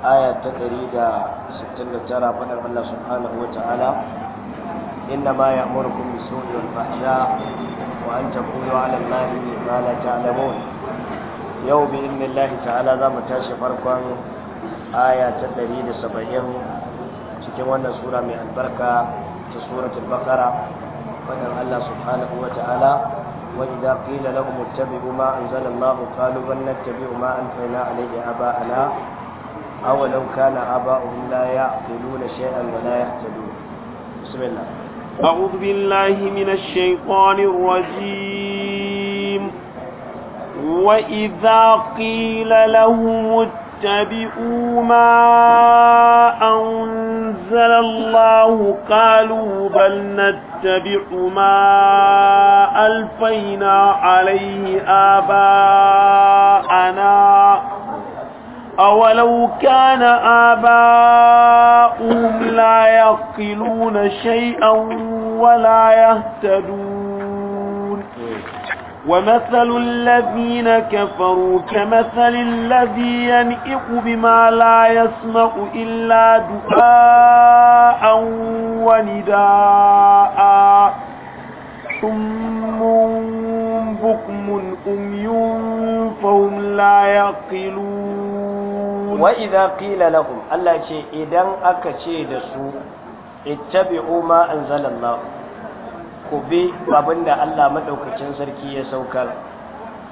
aya ta 169 fadar Allah subhanahu wa ta'ala إنما يأمركم بالسوء والفحشاء وأن تقولوا على الله ما لا تعلمون yau bi inna Allah ta'ala za mu tashi farkon aya ta 170 cikin wannan sura mai albarka ta suratul baqara wannan Allah subhanahu wa ta'ala wa idza qila lahum ittabi'u ma anzala Allah qalu أولو كان آباؤهم لا يعقلون شيئا ولا يهتدون بسم الله أعوذ بالله من الشيطان الرجيم وإذا قيل لهم اتبعوا ما أنزل الله قالوا بل نتبع ما ألفينا عليه آباءنا أولو كان آباؤهم لا يقلون شيئا ولا يهتدون ومثل الذين كفروا كمثل الذي ينئق بما لا يسمع إلا دعاء ونداء ثم بكم أمي فهم لا يقلون wa idza qila lahum Allah ce idan aka ce da su ittabi'u ma anzalallah ku bi abinda Allah madaukakin sarki ya saukar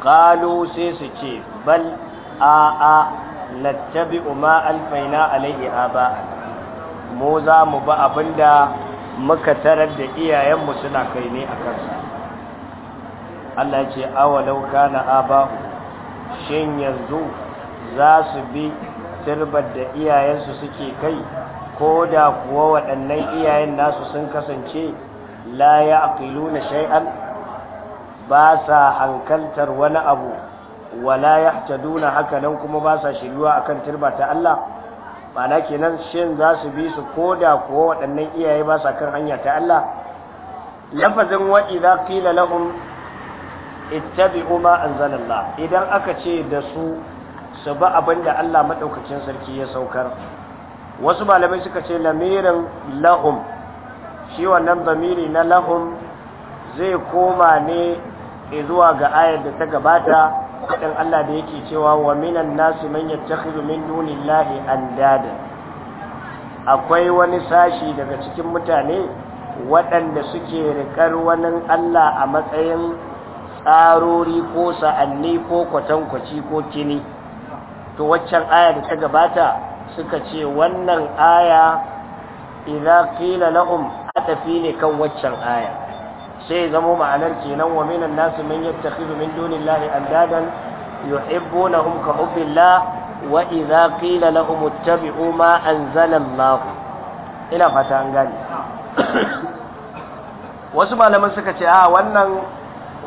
qalu sai su ce bal a a nattabi'u ma alfaina alaihi aba mu za mu ba abinda muka tarar da iyayenmu suna kai ne a kansa Allah ce awalau kana aba shin yanzu za su bi turbar da iyayensu suke kai ko da kuwa waɗannan iyayen nasu sun kasance la ya aƙilu na shai'an ba sa hankaltar wani abu wala ya duna haka nan kuma ba sa shiryuwa akan turba ta Allah ma'ana kenan shin za su bi su ko da kuwa waɗannan iyaye ba sa kan hanya ta Allah lafazin wa lahun qila lahum ittabi'u ma anzalallah idan aka ce da su su ba abin da Allah maɗaukacin sarki ya saukar wasu malamai suka ce lamirin lahum shi wannan zamiri na lahum zai koma ne zuwa ga ayar da ta gabata faɗin Allah da yake cewa wa minan nasu man yattakhidhu min an dada akwai wani sashi daga cikin mutane waɗanda suke riƙar wani Allah a matsayin tsarori ko sa'anni ko kwatankwaci ko kini to waccan aya da ta gabata suka ce wannan aya idza qila lahum atafi ne kan waccan aya sai zamo ma'anar kenan wa minan nasi man yattakhidhu min dunillahi andadan yuhibbunahum ka hubbillah wa idza qila lahum ittabi'u ma anzala Allah ina fata an gani. wasu malaman suka ce a ah, wannan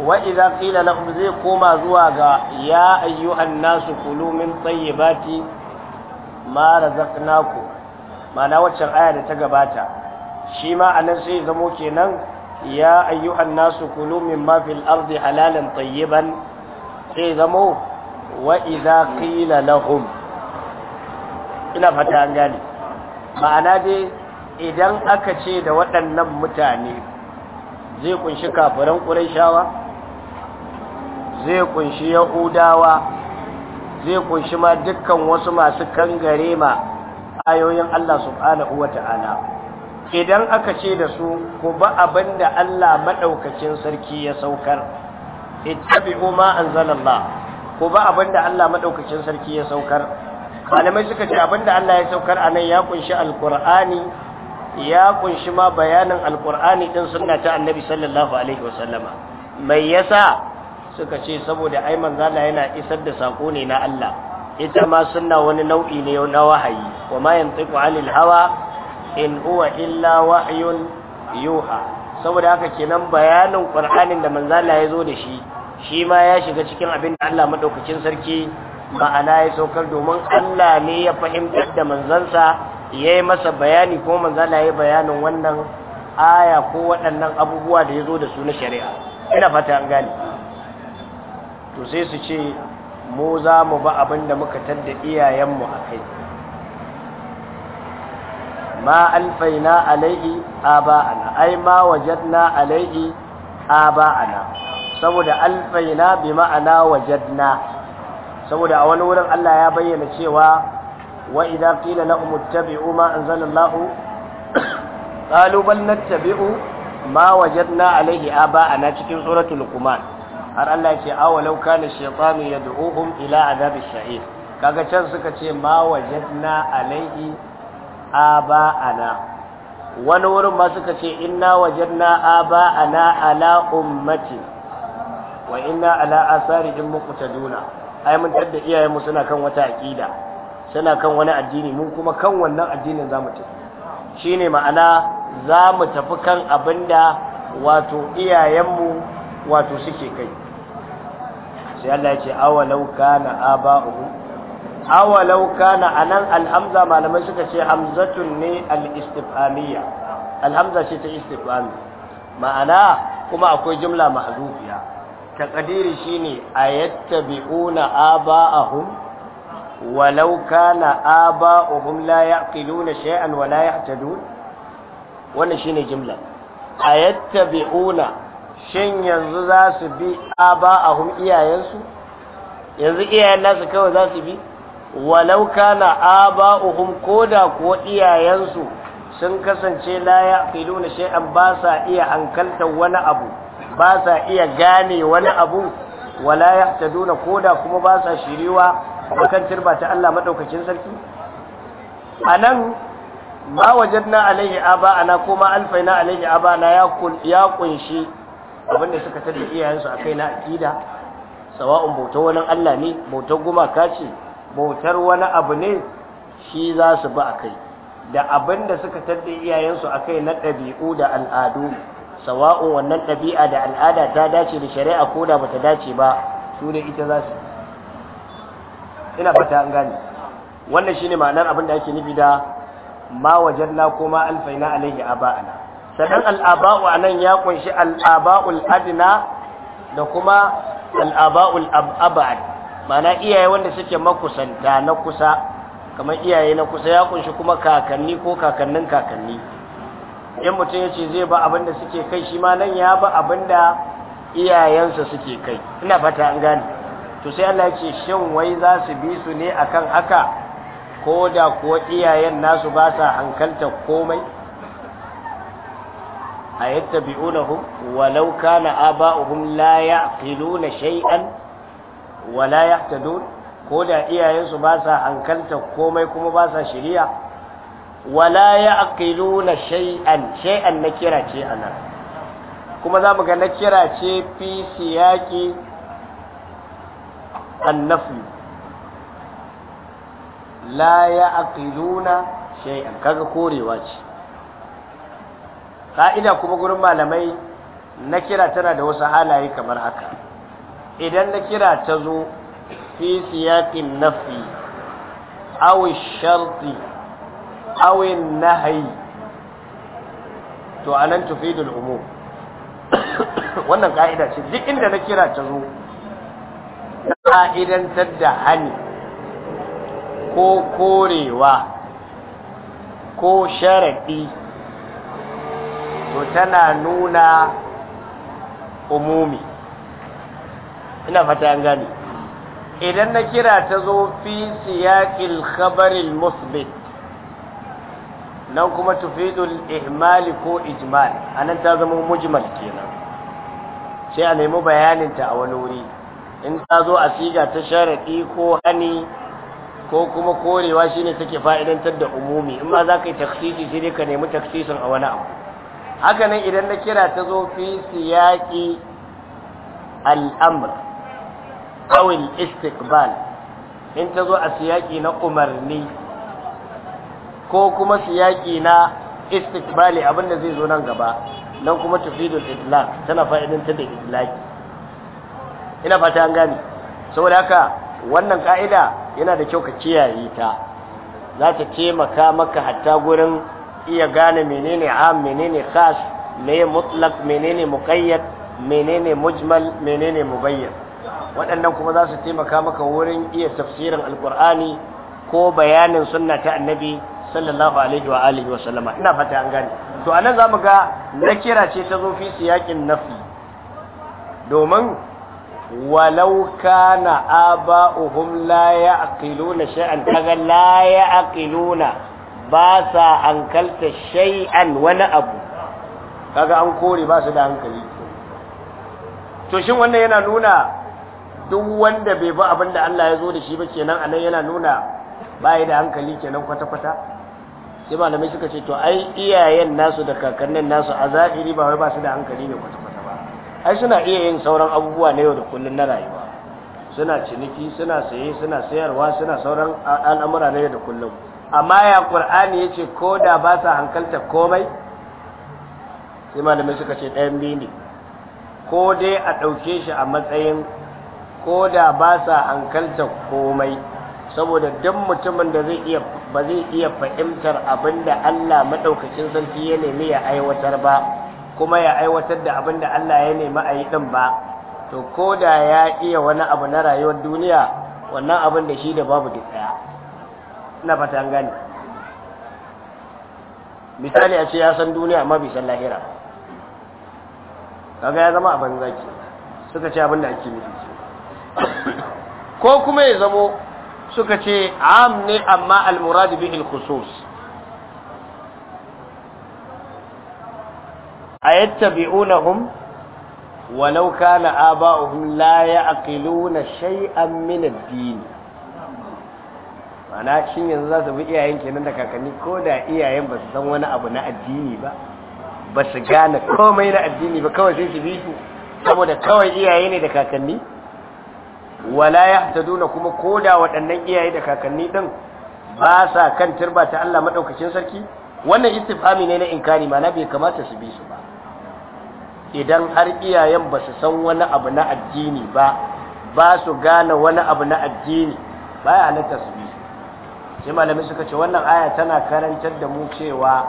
wa idan ƙila lahum zai koma zuwa ga ya ayyu nasu kulu min tsayyibati ma razaqnaku ma'ana waccan aya da ta gabata shi ma anan sai zamo kenan ya ayyu nasu kulu min ma fil ardi halalan tayyiban zamo wa idan ƙila lahum ina fata an gane ma'ana dai idan aka ce da waɗannan mutane zai kunshi kafiran ƙurai shawa zai kunshi yahudawa zai kunshi ma dukkan wasu masu kangare ma ayoyin Allah subhanahu wata'ala idan aka ce da su ku ba abinda Allah madaukakin sarki ya saukar ittabi'u ma anzalallah ku ba abinda Allah madaukakin sarki ya saukar malamai suka ce abinda Allah ya saukar anan ya kunshi alqur'ani ya kunshi ma bayanin alqur'ani din sunna ta annabi sallallahu alaihi wasallama mai yasa suka ce saboda ai manzala yana isar da sako ne na Allah ita ma sunna wani nau'i ne na wahayi wa ma yantiqu anil hawa in huwa illa wahyun yuha saboda haka kenan bayanin qur'anin da manzala ya zo da shi shi ma ya shiga cikin abin da Allah madaukakin sarki ma'ana ya saukar domin Allah ne ya fahimtar da manzansa ya yi masa bayani ko manzala ya bayanin wannan aya ko waɗannan abubuwa da ya zo da su na shari'a ina fata an gane to sai su ce mu za mu ba abin da muka tadda iyayenmu a kai ma alfaina a aba'ana ai ma wajadna a aba'ana saboda alfaina bi ma'ana wajadna saboda a wani wurin Allah ya bayyana cewa wa idza qila lahum ittabi'u ma anzalallahu qalu bal nattabi'u ma wajadna alaihi aba'ana cikin suratul luqman har Allah ce awalau kana shaytanu yad'uhum ila adabi sha'ir kaga can suka ce ma wajadna aba ana wani wurin ma suka ce inna wajadna ana ala ummati wa inna ala asarihim muqtaduna ai mun tadda iyayenmu suna kan wata aqida suna kan wani addini mun kuma kan wannan addinin zamu tafi shine ma'ana zamu tafi kan abinda wato iyayenmu wato suke kai sai Allah ya ce awalau kana aba'uhu awalau kana anan alhamza malamai suka ce hamzatun ne al-istifhamiyya alhamza ce ta istifhami ma'ana kuma akwai jumla ma'zufiya taqdiri shine ayattabi'una aba'ahum walau kana aba'uhum la ya'qiluna shay'an wa la yahtadun wannan shine jumla ayattabi'una shin yanzu za su bi hun iyayensu yanzu iyayen nasu kawai za su bi walau kana aba'uhum koda kuwa iyayensu sun kasance la yaqiluna shay'an ba sa iya hankaltar wani abu ba sa iya gane wani abu wala yahtaduna koda kuma ba sa shiriwa kan turba ta Allah maɗaukacin sarki anan ma na alaihi aba'ana kuma na alaihi aba'ana ya kunshi abinda suka tada iyayensu a kai na aƙida sawa'un bautar wani Allah ne bautar gumaka ce bautar wani abu ne shi za su ba a kai da abinda suka tada iyayensu a kai na ɗabi'u da al'adu sawa'un wannan ɗabi'a da al'ada ta dace da shari'a ko da bata dace ba su ne ita za su ina fata an gane wannan shine ma'anar abin da ake nufi da ma wajanna ko ma alfaina alaihi aba'ana sannan al'aba'u a nan ya kunshi al'aba'ul adina da kuma al'aba'ul abad mana iyaye wanda suke makusanta na kusa kamar iyaye na kusa ya kunshi kuma kakanni ko kakannin kakanni in mutum ya ce zai ba abin da suke kai shi ma nan ya ba abin da iyayensa suke kai ina fata an gane to sai Allah ya ce shin wai za su bi su ne akan haka ko da kuwa iyayen nasu ba sa hankalta komai a yattabi'unahum walau kana aba'uhum la ya'qiluna shay'an wa la yahtadun koda iyayen su ba sa hankalta komai kuma ba sa shari'a wala ya'qiluna shay'an shay'an na kira ce anan kuma za mu ga na kira ce fi siyaki annafi la ya'qiluna shay'an kaga korewa ce ka'ida kuma gurin malamai na kira tana da wasu halaye kamar haka idan na kira ta zo fi siyaqin nafi aw sharti aw nahyi to anan tufidul umum wannan ka'ida ce duk inda na kira ta zo ka'idantar da hani ko korewa ko sharaɗi to tana nuna umumi ina fata an gani idan na kira ta zo fi siyaqil khabaril musbit nan kuma tufidul ihmal ko ijmal anan ta zama mujmal kenan sai a nemi bayanin ta a wani wuri in ta zo a siga ta sharadi ko hani ko kuma korewa shine take fa'idantar da umumi in ma za ka yi taksisi sai dai ka nemi taksisin a wani abu haka nan idan na kira ta zo fi siyaki al'amr awil Istikbal, in ta zo a siyaki na umarni ko kuma siyaki na istiqbali abinda zai zo nan gaba nan kuma tufidul itlaq tana ta da idlaki ina fata an gane saboda haka wannan ka'ida yana da kyau ka kiyaye ta za ta taimaka maka hatta gurin iya gane menene am menene khas me mutlak menene muqayyad menene mujmal menene mubayyan waɗannan kuma za su taimaka maka wurin iya tafsirin alkur'ani ko bayanin sunna ta annabi sallallahu alaihi wa alihi wa sallama ina fata an gane to anan zamu ga nakira ce ta zo fi siyakin nafi domin walau kana aba'uhum la ya'qiluna shay'an kaga la ya'qiluna ba sa hankalta shay'an wani abu kaga an kore ba su da hankali to shin wannan yana nuna duk wanda bai bi abin da Allah ya zo da shi ba kenan anan yana nuna bai da hankali kenan kwata-kwata sai malamai suka ce to ai iyayen nasu da kakannin nasu a zahiri ba wai ba su da hankali ne kwata-kwata ba ai suna iya yin sauran abubuwa na yau da kullun na rayuwa suna ciniki suna saye suna sayarwa suna sauran al'amura na yau da kullum amma ya ƙur'ani ya ce ko da ba sa hankalta komai sai malamai suka ce ɗayan biyu ne ko dai a ɗauke shi a matsayin ko da ba sa hankalta komai saboda duk mutumin da zai iya ba zai iya fahimtar abin da Allah maɗaukacin sarki ya nemi ya aiwatar ba kuma ya aiwatar da abin da Allah ya nemi a yi ɗin ba to ko da ya iya wani abu na rayuwar duniya wannan abin da shi da babu duk ɗaya ina fata an gani. misali a ce ya san duniya amma bai san lahira kaga ya zama a banza ke suka ce abin da ake nufi ko kuma ya zamo suka ce am ne amma al-murad bihi al-khusus ayattabi'unahum walau kana aba'uhum la ya'qiluna shay'an min ad-din mana shin yanzu za su bi iyayen kenan da kakanni ko da iyayen ba su san wani abu na addini ba ba su gane komai na addini ba kawai sai su bi su saboda kawai iyaye ne da kakanni wala ya duna kuma ko da waɗannan iyaye da kakanni din ba sa kan turba ta Allah madaukakin sarki wannan istifami ne na inkari mana bai kamata su bi su ba idan har iyayen ba su san wani abu na addini ba ba su gane wani abu na addini baya halatta su bi sai malamai suka ce wannan aya tana karantar da mu cewa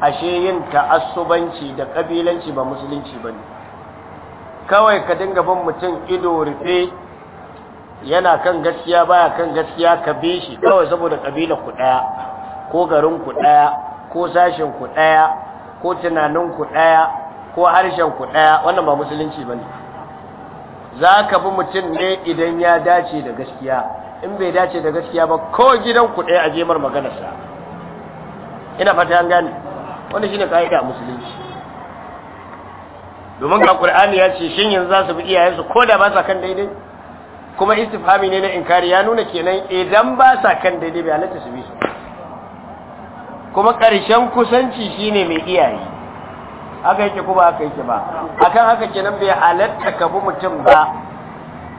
ashe yin ta'assubanci da kabilanci ba musulunci bane kawai ka dinga bin mutum ido rufe yana kan gaskiya baya kan gaskiya ka bi shi kawai saboda kabila ku daya ko garin ku daya ko sashen ku daya ko tunanin ku daya ko harshen ku daya wannan ba musulunci bane za bi mutum ne idan ya dace da gaskiya in bai dace da gaskiya ba ko gidan ku ɗaya a jemar maganarsa ina fata an gane wanda shine ka'ida a musulunci domin ga qur'ani ya ce shin yanzu za su bi iyayensu ko da ba sa kan daidai kuma istifhami ne na inkari ya nuna kenan idan ba sa kan daidai bai halatta su bi su kuma ƙarshen kusanci shine mai iyaye haka yake ko ba haka yake ba akan haka kenan bai halatta ka bi mutum ba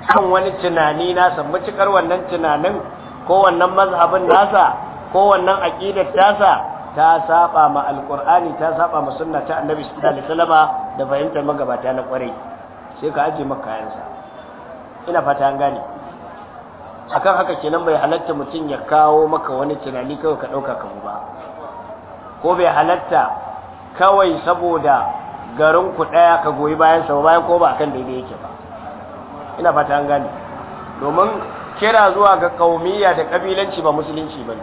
kan wani tunani nasa matukar wannan tunanin ko wannan mazhabin nasa ko wannan aqidar tasa ta saba ma alqur'ani ta saba ma sunna ta annabi sallallahu alaihi wasallama da fahimtar magabata na kwarai sai ka aje maka kayansa ina fata an gane akan haka kenan bai halatta mutum ya kawo maka wani tunani kawai ka dauka ka ba ko bai halatta kawai saboda garin ku daya ka goyi bayan sa bayan ko ba kan daidai yake ba ina fata an gane domin kira zuwa ga kaumiyya da kabilanci ba musulunci ba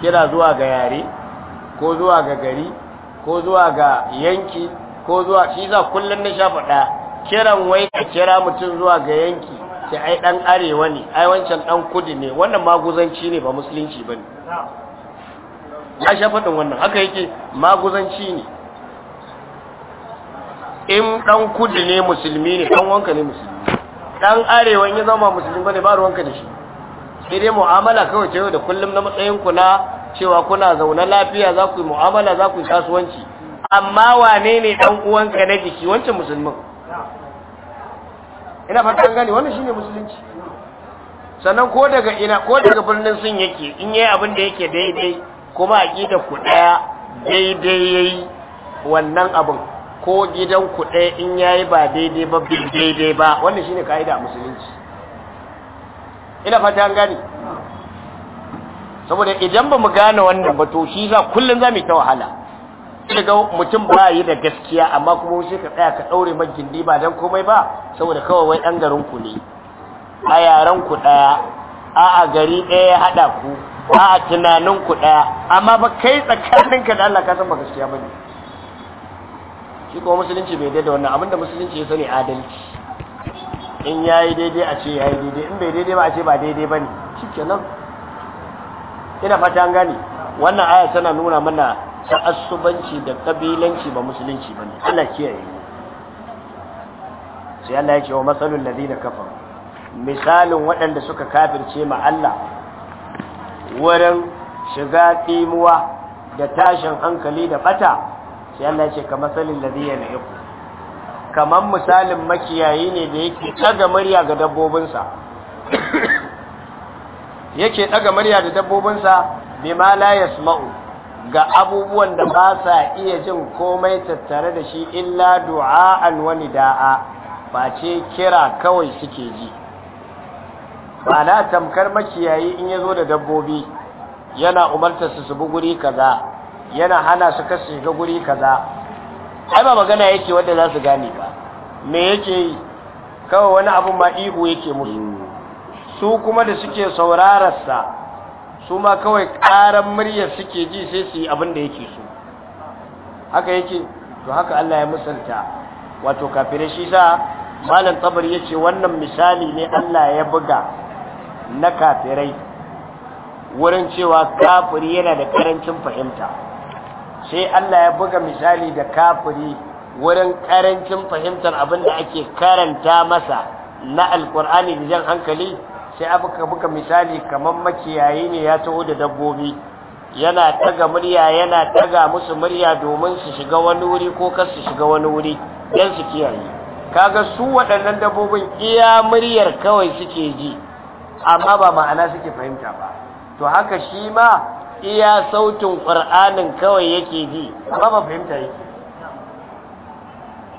kira zuwa ga yare ko zuwa ga gari ko zuwa ga yanki ko zuwa shi za kullun na shafa ɗaya kiran wai ka kira mutum zuwa ga yanki ta ai dan arewa ne ai wancan dan kudu ne wannan maguzanci ne ba musulunci ba ne ya shafa ɗin wannan haka yake maguzanci ne in dan kudu ne musulmi ne dan wanka ne musulmi dan arewa ya zama musulmi bane ba ruwanka da shi sai dai mu'amala kawai ta yau da kullum na matsayin ku na cewa kuna zauna lafiya za ku yi mu'amala za ku yi kasuwanci amma wane ne dan uwanka na jiki wancan musulmin ina fatan gani wannan shine musulunci sannan ko daga ina ko daga birnin sun yake in yayi abin da yake daidai kuma aqida ku daya daidai yayi wannan abin ko gidan ku ɗaya in yayi ba daidai ba bin daidai ba wannan shine kaida a musulunci ina fata an gane saboda idan ba mu gane wannan ba to shi za kullun za mu ta wahala daga mutum ba yi da gaskiya amma kuma sai ka tsaya ka daure man gindi ba don komai ba saboda kawai wai ɗan garin ku ne a yaran ku ɗaya, a a gari ɗaya ya haɗa ku a a tunanin ku ɗaya, amma ba kai tsakaninka da Allah ka san ba gaskiya ba ne. shi kuma musulunci bai daidai wannan abinda musulunci ya sani adalci in ya yi daidai a ce ya yi daidai in bai daidai ba a ce ba daidai ba ne shi nan, ina fata an gane wannan aya tana nuna mana ta'assubanci da kabilanci ba musulunci ba ne Allah kiyaye sai Allah ya ce wa masalul da kafa misalin waɗanda suka kafirce ma Allah wurin shiga ɗimuwa da tashin hankali da bata sai Allah ce kamar salin ladhi yanqu kamar misalin makiyayi ne da yake ɗaga murya ga dabbobinsa yake murya da dabbobinsa bima la yasma'u ga abubuwan da ba sa iya jin komai tattare da shi illa du'a'an wa nida'a face kira kawai suke ji ba na tamkar makiyayi in yazo da dabbobi yana umarta su su bi guri kaza yana hana su kasu shiga guri kaza ai ba magana yake wanda za su gane ba me yake yi kawai wani abu ma ihu yake musu su kuma da suke saurararsa su ma kawai ƙaran muryar suke ji sai su yi abin da yake so haka yake to haka Allah ya musanta wato kafirai shi sa malam tabar yace wannan misali ne Allah ya buga na kafirai wurin cewa kafiri yana da karancin fahimta sai Allah ya buga misali da kafiri wurin karancin fahimtar abin da ake karanta masa na alkur'ani da jan hankali sai aka buga misali kamar makiyayi ne ya taho da dabbobi yana taga murya yana taga musu murya domin su shiga wani wuri ko kar su shiga wani wuri don su kiyaye kaga su waɗannan dabbobin iya muryar kawai suke ji amma ba ma'ana suke fahimta ba to haka shi ma iya sautin ƙur'anin kawai yake ji ba ba fahimta yake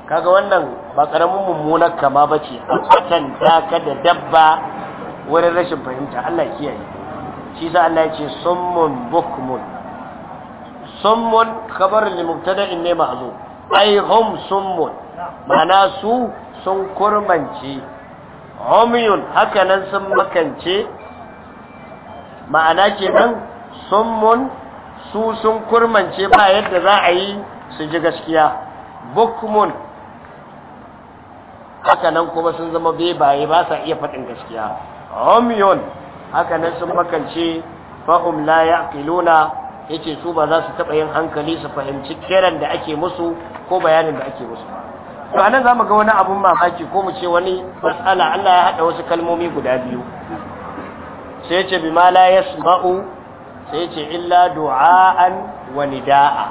kaga wannan ba ƙaramin mummunar kama ba ce a kwatanta ka da dabba wurin rashin fahimta Allah kiyaye shi sa Allah ya ce summun bukmun summun khabar li mubtada'in ne ma'zum ai hum summun ma'ana su sun kurmanci umyun haka nan sun makance ma'ana ke nan. summun su sun kurmance ba yadda za a yi su ji gaskiya bukmun haka nan kuma sun zama bebaye ba sa iya faɗin gaskiya umyun haka nan sun makance fahum la yaqiluna yace su ba za su taɓa yin hankali su fahimci kiran da ake musu ko bayanin da ake musu to anan zamu ga wani abun mamaki ko mu ce wani matsala Allah ya haɗa wasu kalmomi guda biyu sai ce bima la yasma'u sai ce illa du'a'an wa nida'a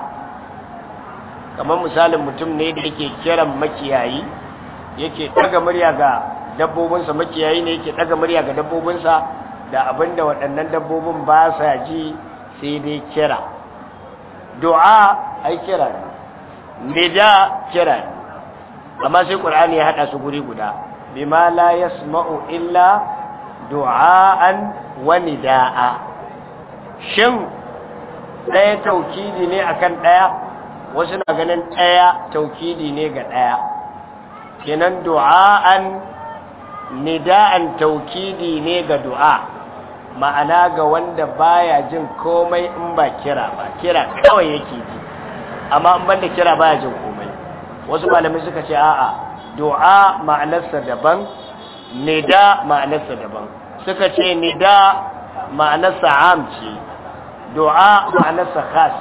kamar misalin mutum ne da yake kiran makiyayi yake daga murya ga dabbobinsa makiyayi ne yake daga murya ga dabbobinsa da abinda waɗannan dabbobin ba sa ji sai dai kira du'a ai kira ne nida kira amma sai qur'ani ya hada su guri guda bima la yasma'u illa du'a'an wa nida'a shin ɗaya taukidi ne akan ɗaya wasu na ganin ɗaya taukidi ne ga ɗaya kenan du'a'an nida'an taukidi ne ga du'a ma'ana ga wanda baya jin komai in ba kira ba kira kawai yake ji amma in banda kira baya jin komai wasu malamai suka ce a'a du'a ma'anarsa daban nida ma'anarsa daban suka ce nida ma'anarsa am ce du'a ma'anarsa khas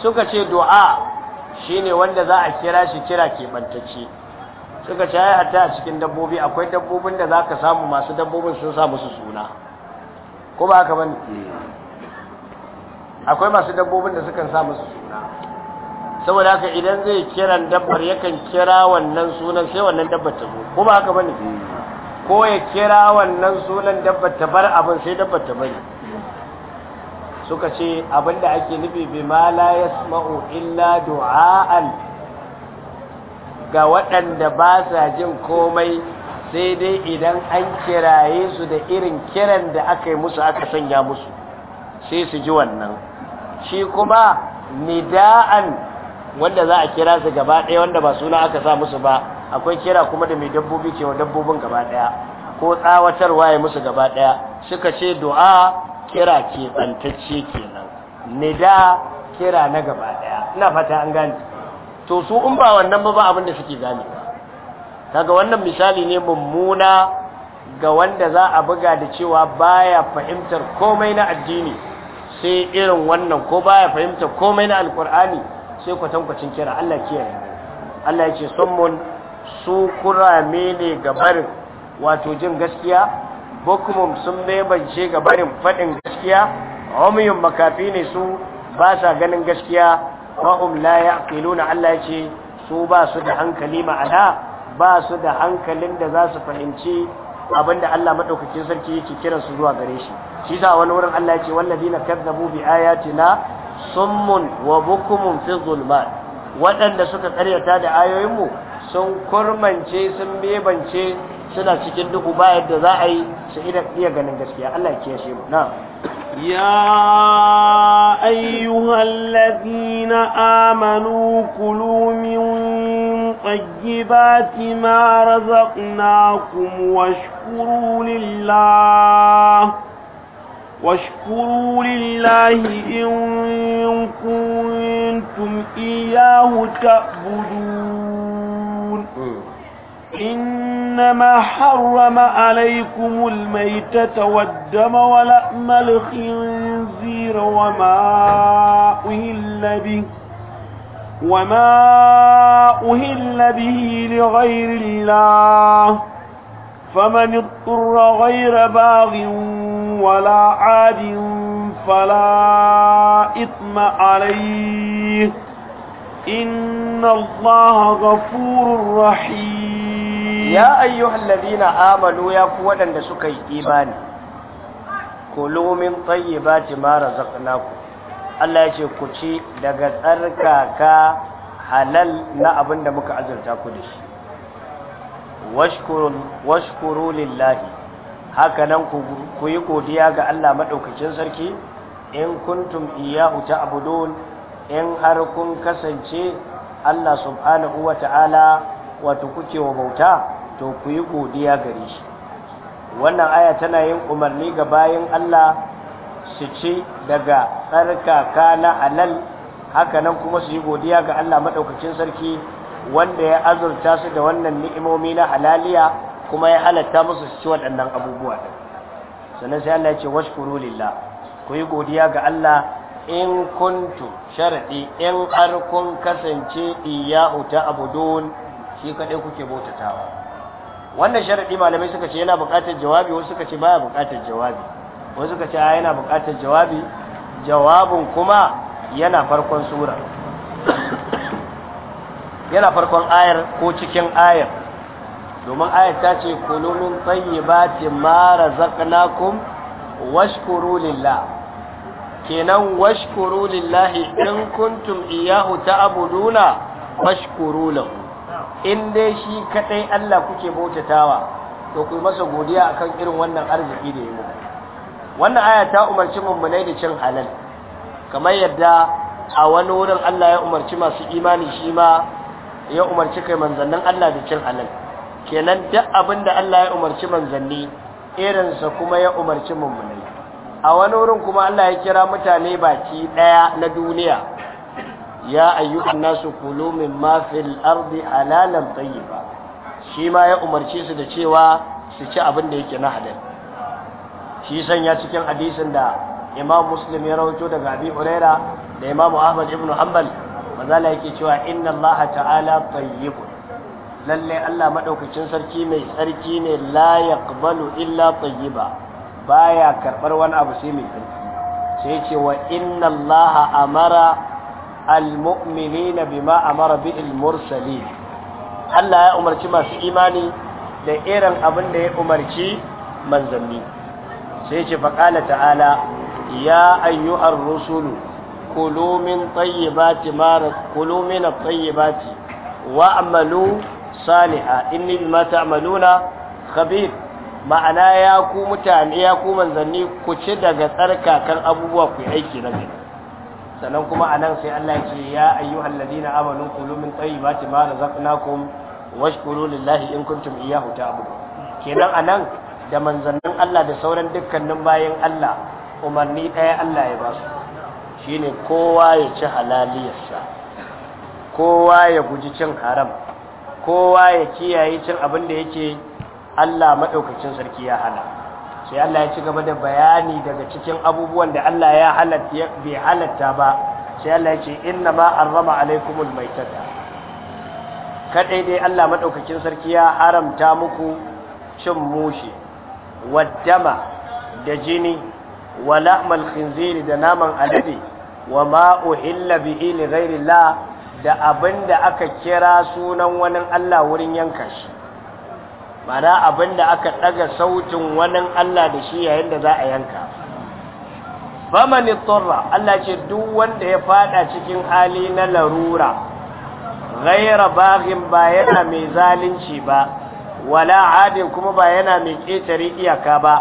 suka ce du'a shine wanda za a kira shi kira keɓantacce suka ce ai hatta a cikin dabbobi akwai dabbobin da zaka samu masu dabbobin sun sa musu suna ko ba haka bane akwai masu dabbobin da suka sa musu suna saboda haka idan zai kiran dabbar yakan kira wannan sunan sai wannan dabbar ta zo ko ba haka bane mm. ko ya kira wannan sunan dabbar ta bar abin sai dabbar ta bari suka ce abinda ake nufi bi ma la yasma'u illa du'a'an ga waɗanda ba sa jin komai sai dai idan an kiraye su da irin kiran da aka yi musu aka sanya musu sai su ji wannan shi kuma nida'an wanda za a kira su gaba ɗaya wanda ba suna aka sa musu ba akwai kira kuma da mai dabbobi ke wa dabbobin gaba ɗaya ko tsawatarwa ya musu gaba ɗaya suka ce du'a kira ke tsantacce kenan nida kira na gaba daya ina fata an gane to su in ba wannan ba ba abin da suke gane ba kaga wannan misali ne mummuna ga wanda za a buga da cewa baya fahimtar komai na addini sai irin wannan ko baya fahimtar komai na alkur'ani sai kwatankwacin kira Allah kiyaye Allah ya ce sun mun su kurame ne ga barin wato jin gaskiya bukumum sun bebance ga barin faɗin gaskiya umyun makafi ne su ba sa ganin gaskiya fa'um la yaqiluna Allah ya ce su ba su da hankali ma'ana ba su da hankalin da za su fahimci abinda Allah madaukakin sarki yake kiran su zuwa gare shi shi sa wani wurin Allah ya ce walladina kazzabu bi ayatina summun wa bukumun fi zulmat waɗanda suka karyata da ayoyinmu sun kurmance sun bebance suna cikin duhu ba yadda za a yi su iya ganin gaskiya Allah ya kiyashe mu na ya ayyuhal ladina amanu kulu min tayyibati ma razaqnakum washkuru lillah واشكروا لله إن كنتم إياه تعبدون إنما حرم عليكم الميتة والدم ولأم الخنزير وما أهل به وما أهل به لغير الله فمن اضطر غير باغ ولا عاد فلا إثم عليه إن الله غفور رحيم ya ayyuhal ladina amalu ya ku waɗanda suka yi imani kulu min tayyibati ma razaqnakum Allah ya ce ku ci daga tsarkaka halal na abinda muka azurta ku da shi washkuru lillahi nan ku yi godiya ga Allah maɗaukacin sarki in kuntum iyahu ta'budun in har kun kasance Allah subhanahu wa ta'ala wato kuke wa bauta to ku yi godiya gare shi wannan aya tana yin umarni ga bayan Allah su ci daga tsarkaka na alal haka nan kuma su yi godiya ga Allah maɗaukacin sarki wanda ya azurta su da wannan ni'imomi na halaliya kuma ya halatta musu su ci waɗannan abubuwa sannan sai Allah ya ce washkuru lillah ku yi godiya ga Allah in kuntu sharadi in har kun kasance iyahu ta abudun shi kadai kuke bautatawa wannan sharadi malamai suka ce yana buƙatar jawabi wasu suka ce baya buƙatar jawabi wasu suka ce yana buƙatar jawabi jawabin kuma yana farkon sura yana farkon ayar ko cikin ayar domin ayar ta ce kulu min tayyibati ma razaqnakum washkuru lillah kenan washkuru lillahi in kuntum iyyahu ta'buduna washkuru lahu in dai shi kaɗai Allah kuke bautatawa to ku masa godiya akan irin wannan arziki da ya wannan aya ta umarci mummunai da cin halal kamar yadda a wani wurin Allah ya umarci masu imani shi ma ya umarci kai manzannin Allah da cin halal kenan duk abin da Allah ya umarci manzanni irinsa kuma ya umarci mummunai a wani wurin kuma Allah ya kira mutane baki ɗaya na duniya ya ayyukan nasu kulu min ma fil ardi halalan tayyiba shi ma ya umarci su da cewa su ci abin da yake na halal shi sanya cikin hadisin da imam muslim ya rawaito daga abi huraira da imam ahmad ibn hanbal manzala yake cewa inna allah ta'ala tayyibun lalle allah madaukakin sarki mai tsarki ne la yaqbalu illa tayyiba baya karbar wani abu sai mai tsarki sai ce wa inna allah amara almu'minina bima amara bihi mursalin Allah ya umarci masu imani da irin abin da ya umarci manzanni sai ce faƙala ta'ala ya ayyuhar rusulu kulu min tayyibati ma kulu min at-tayyibati wa'malu salihan inni bima khabir ma'ana ya ku mutane ya ku manzanni ku ci daga kan abubuwa ku yi aiki na gari sannan kuma a nan sai Allah ya ce ya ayyuhal ladina amanu kulu min tayyibati ma razaqnakum washkuru lillahi in kuntum iyyahu ta'budun kenan a nan da manzannin Allah da sauran dukkanin bayan Allah umarni ɗaya Allah ya ba su shine kowa ya ci halaliyarsa kowa ya guji cin haram kowa ya kiyaye cin abin da yake Allah maɗaukacin sarki ya hana sai Allah ya ci gaba da bayani daga cikin abubuwan da Allah ya halatta bai halatta ba sai Allah ya ce inna ma arrama alaikumul maitata kadai dai Allah madaukakin sarki ya haramta muku cin mushi waddama da jini wa lahmal da naman alade wa ma uhilla bihi li da abinda aka kira sunan wani Allah wurin yanka shi mana da aka daga sautin wani Allah da shi yayin da za a yanka faman turra Allah ce duk wanda ya fada cikin hali na larura ghaira baghin ba yana mai zalunci ba wala adin kuma ba yana mai ketare iyaka ba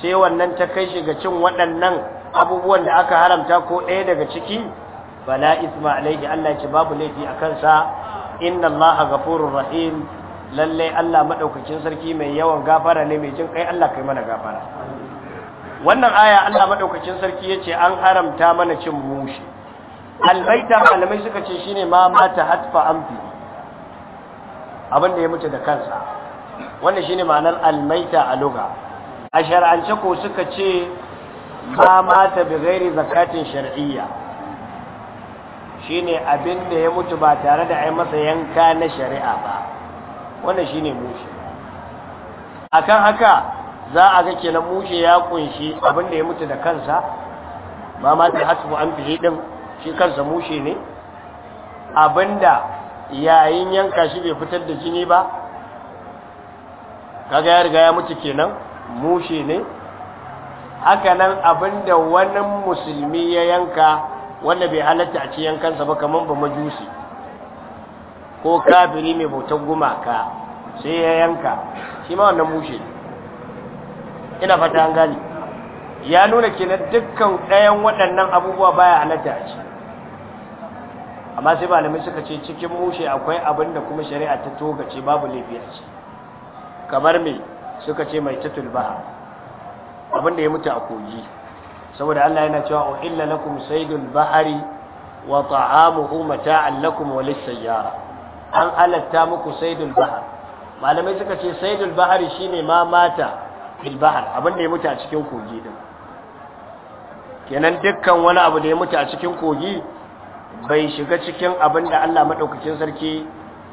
sai wannan ta kai shi ga cin waɗannan abubuwan da aka haramta ko ɗaya daga ciki bala isma alaihi Allah ce babu laifi a kansa inna allaha ghafurur rahim lallai Allah madaukakin sarki mai yawan gafara ne mai jin kai Allah kai mana gafara wannan aya Allah madaukakin sarki yace an haramta mana cin mushi albaita malamai suka ce shine ma mata hatfa amfi abin da ya mutu da kansa wannan shine ma'anar almaita a lugha a shari'ance ko suka ce ma mata bi ghairi zakatin shari'iyya shine abin da ya mutu ba tare da ai masa yanka na shari'a ba wannan shine mushe akan haka za a ga kenan mushe ya kunshi abin da ya mutu da kansa ma ma da hasbu an fihi din shi kansa mushe ne abinda yayin yanka shi bai fitar da jini ba kaga ya riga ya mutu kenan mushe ne haka nan abinda wani musulmi ya yanka wanda bai halatta a ci yankansa ba kamar ba majusi ko kafiri mai bautar gumaka sai ya yanka shi ma wannan mushe ina fata an gani ya nuna kenan dukkan ɗayan waɗannan abubuwa baya halatta a ci amma sai malamai suka ce cikin mushe akwai abin da kuma shari'a ta togace babu laifi a ci kamar me suka ce mai tatul ba abin da ya mutu a kogi saboda Allah yana cewa o illa lakum saydul bahari wa ta'amuhu mata'an lakum wa lis-sayyara an halatta muku saidul bahar malamai suka ce saidul bahar shine ma mata fil bahar abin da ya mutu a cikin kogi din kenan dukkan wani abu da ya mutu a cikin kogi bai shiga cikin abin da Allah madaukakin sarki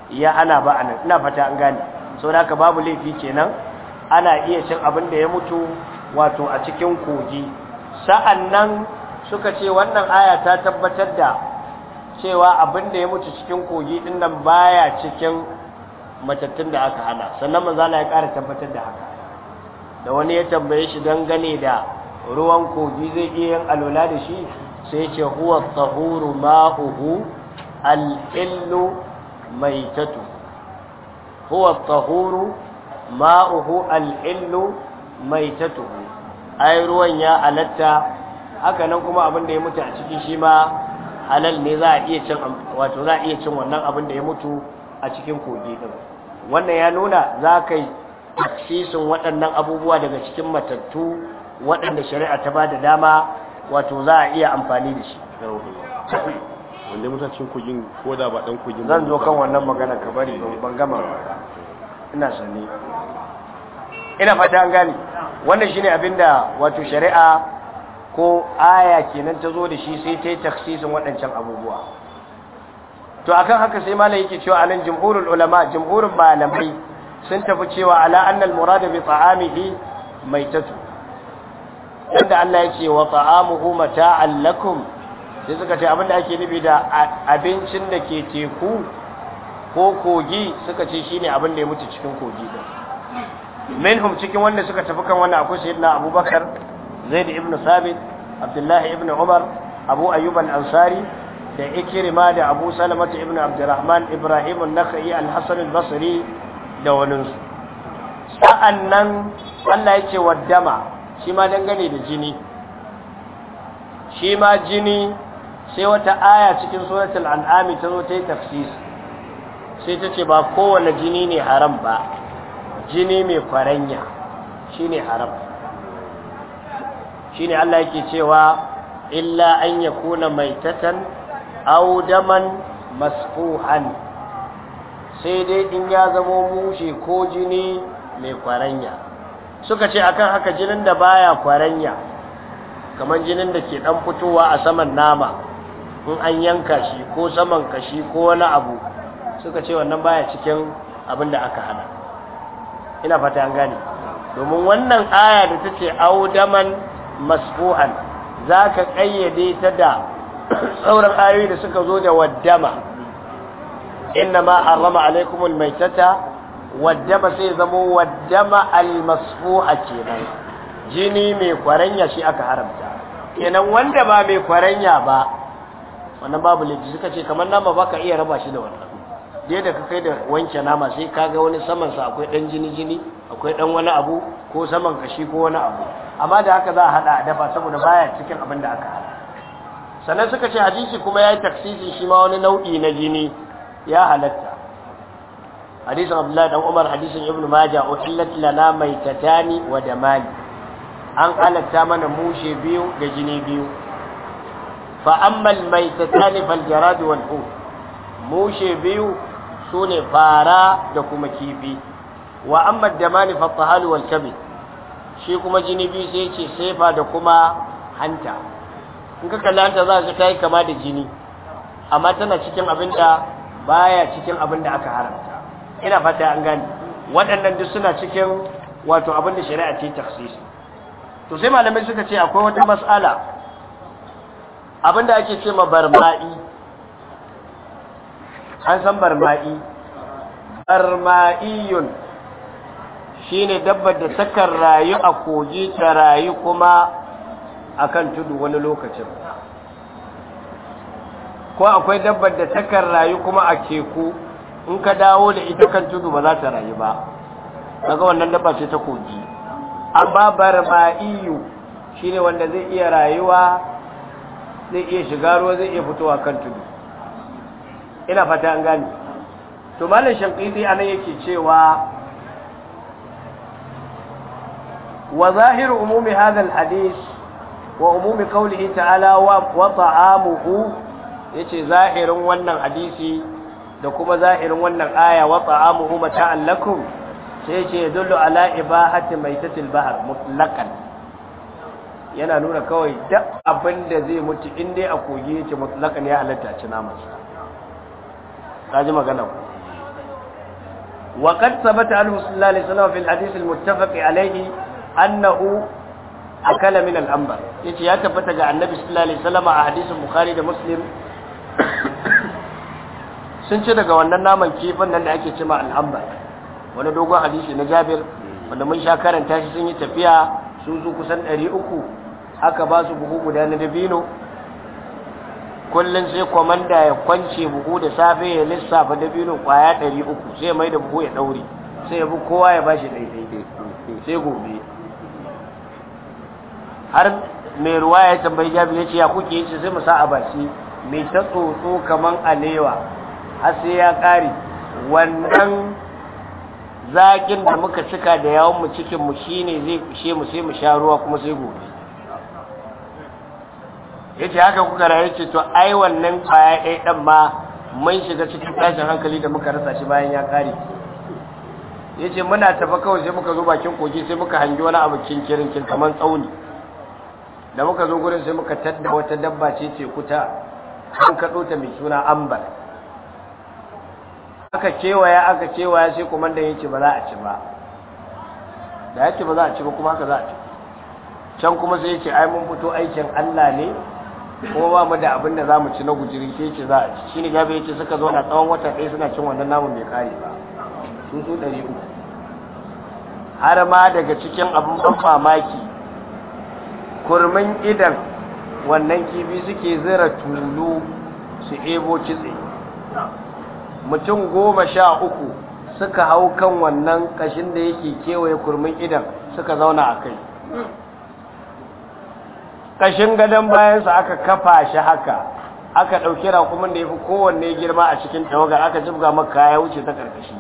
ya hana ba anan ina fata an gane saboda haka babu laifi kenan ana iya cin abin da ya mutu wato a cikin kogi sa'annan suka ce wannan aya ta tabbatar da cewa abin da ya mutu cikin kogi din nan baya cikin matattun da aka hana sannan manzo Allah ya ƙara tabbatar da haka da wani ya tambaye shi gane da ruwan kogi zai iya yin alola da shi sai ce huwa tahuru ma'uhu al-illu maitatu huwa tahuru ma'uhu al-illu maitatu ai ruwan ya alatta haka nan kuma abin da ya mutu a ciki shi ma halal ne za a iya cin wato za a iya cin wannan abin da ya mutu a cikin kogi din wannan ya nuna za ka yi taksisin waɗannan abubuwa daga cikin matattu waɗanda shari'a ta ba da dama wato za a iya amfani da shi wanda mutu cikin kogin ko da ba ɗan kogin zan zo kan wannan magana ka bari ban gama ina sani ina fata an gane wannan shine abinda wato shari'a ko aya kenan ta zo da shi sai ta yi taksisin waɗancan abubuwa to akan haka sai malam yake cewa anan jumhurul ulama jumhurin malamai sun tafi cewa ala annal murada bi ta'amihi maitatu inda Allah ya ce wa ta'amuhu mata'an lakum sai suka ce abinda ake nufi da abincin da ke teku ko kogi suka ce shine abin da ya mutu cikin kogi din minhum cikin wanda suka tafi kan wannan akwai sayyidina Abubakar zaid ibn sabit abdullahi ibn umar abu ayyub al-ansari da Ikirima da abu salamata ibn abdurrahman ibrahim an-nakhai al-hasan al-basri da waninsu sa'annan Allah yake waddama shi ma dangane da jini shi ma jini sai wata aya cikin suratul an'ami ta zo ta yi tafsiri sai ta ce ba kowane jini ne haram ba jini mai kwaranya shine haram shine Allah yake cewa illa an mai maitatan aw daman masfuhan sai dai in ya zamo mushe ko jini mai kwaranya suka ce akan haka jinin da baya kwaranya kamar jinin da ke dan fitowa a saman nama in an yanka shi ko saman kashi ko wani abu suka ce wannan baya cikin abin da aka hana ina fata an gane domin wannan aya da take audaman masbu'an za ka ƙayyade ta da tsauran ayoyi da suka zo da waddama inna ma harrama alaikumul maitata waddama sai zamo waddama almasbu'a kenan jini mai kwaranya shi aka haramta kenan wanda ba mai kwaranya ba wannan babu laifi suka ce kamar nama baka iya raba shi da wannan dai da ka kai da wanke nama sai kaga wani samansa akwai dan jini jini akwai dan wani abu ko saman kashi ko wani abu amma da haka za a hada a dafa saboda baya cikin abin da aka hada sannan suka ce hadisi kuma ya yi taksisi shi ma wani nau'i na jini ya halatta hadisin abdullahi dan umar hadisin ibnu maja uhillat lana maitatani wa damani an halatta mana mushe biyu da jini biyu fa amma almaitatani fal jarad wal hut mushe biyu sune fara da kuma kifi wa amma damani fa tahal wal kabid shi kuma jini biyu sai ce sefa da kuma hanta in ka kalli hanta za su ta yi kama da jini amma tana cikin abin da baya cikin abin da aka haramta ina fata an gani waɗannan duk suna cikin wato abin da shari'a ta yi to sai malamai suka ce akwai wata mas'ala abin da ake ce ma barma'i an san barma'i barma'iyun shine dabbar da takan rayu a kogi ta rayu kuma a kan tudu wani lokacin ko akwai dabbar da takan rayu kuma a keku in ka dawo da ita kan tudu ba za ta rayu ba daga wannan dabba ce ta kogi amma shi shine wanda zai iya rayuwa zai iya shiga ruwa zai iya fitowa kan tudu ina fata an gane to malam shankiti anan yake cewa wa zahiru umumi hadha hadis wa umumi qawlihi ta'ala wa ta'amuhu yace zahirin wannan hadisi da kuma zahirin wannan aya wa ta'amuhu mata'an lakum sai a yadullu ala ibahati yana nuna kawai duk abin da zai mutu in dai a kogi ce mutlaqan ya halatta ci naman sa kaji magana ku وقد ثبت عنه صلى الله عليه وسلم في annahu akala min al-anbar yace ya tabbata ga annabi sallallahu alaihi wasallam a hadisin bukhari da muslim sun ce daga wannan naman kifin nan da ake cima al-anbar wani dogon hadisi na jabir wanda mun sha karanta shi sun yi tafiya su, su kusan 300 aka ba su buhu guda na dabino kullum sai kwamanda ya kwance buhu da safe ya lissafa dabino kwaya 300 sai mai da buhu ya daure sai ya bi kowa ya bashi daidai sai gobe har mai ruwa ya tambayi jabi ya ce ya kuke yace sai mu sa a baki mai ta tsotso kaman alewa har sai ya kare wannan zakin da muka cika da yawon mu cikin mu shine zai kushe mu sai mu sha ruwa kuma sai gobe yace haka kuka rayu ce to ai wannan kwaya ɗaya ɗan ma mun shiga cikin tashin hankali da muka rasa shi bayan ya kare yace muna tafa kawai sai muka zo bakin kogi sai muka hangi wani abu kinkirin kin kaman tsauni da muka zo gurin sai muka tadda wata dabba ce ce kuta an kaɗo ta mai suna ambar aka kewaya aka kewaya sai kuma ya ce ba za a ci ba da ya ce ba za a ci ba kuma haka za a ci can kuma sai yake ai mun fito aikin Allah ne kuma ba mu da abin da za mu ci na gujiri sai yake za a ci shi ne gabe ya ce suka zo na tsawon wata ɗaya suna cin wannan namun bai kare ba su su ɗari uku har ma daga cikin abin ban mamaki kurmin idan wannan kifi suke zira tulu su ebo kitse mutum goma sha uku suka hau kan wannan kashin da yake kewaye kurmin idan suka zauna a kai kashin gadon bayansa aka kafa shi haka aka ɗauki rakumin da ya fi kowanne girma a cikin tawagar aka jibga maka ya wuce ta ƙarƙashi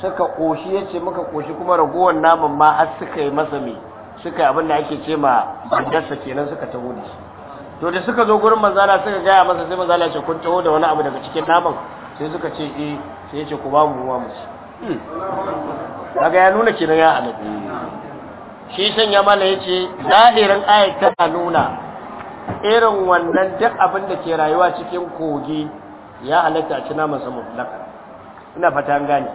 suka koshi yace muka koshi kuma ragowar naman ma har suka yi masa mai suka yi abin da ake ce ma bandarsa kenan suka taho da shi to da suka zo gurin manzala suka gaya masa sai manzala ce kun taho da wani abu daga cikin naman sai suka ce eh sai ya ce ku ba mu ruwa mu ci daga hmm. ya nuna kenan ya alabi shi sanya mana yace zahirin ayat tana nuna irin wannan duk abin da ke rayuwa cikin kogi ya halatta a ci naman sa mutlaka ina fata an gane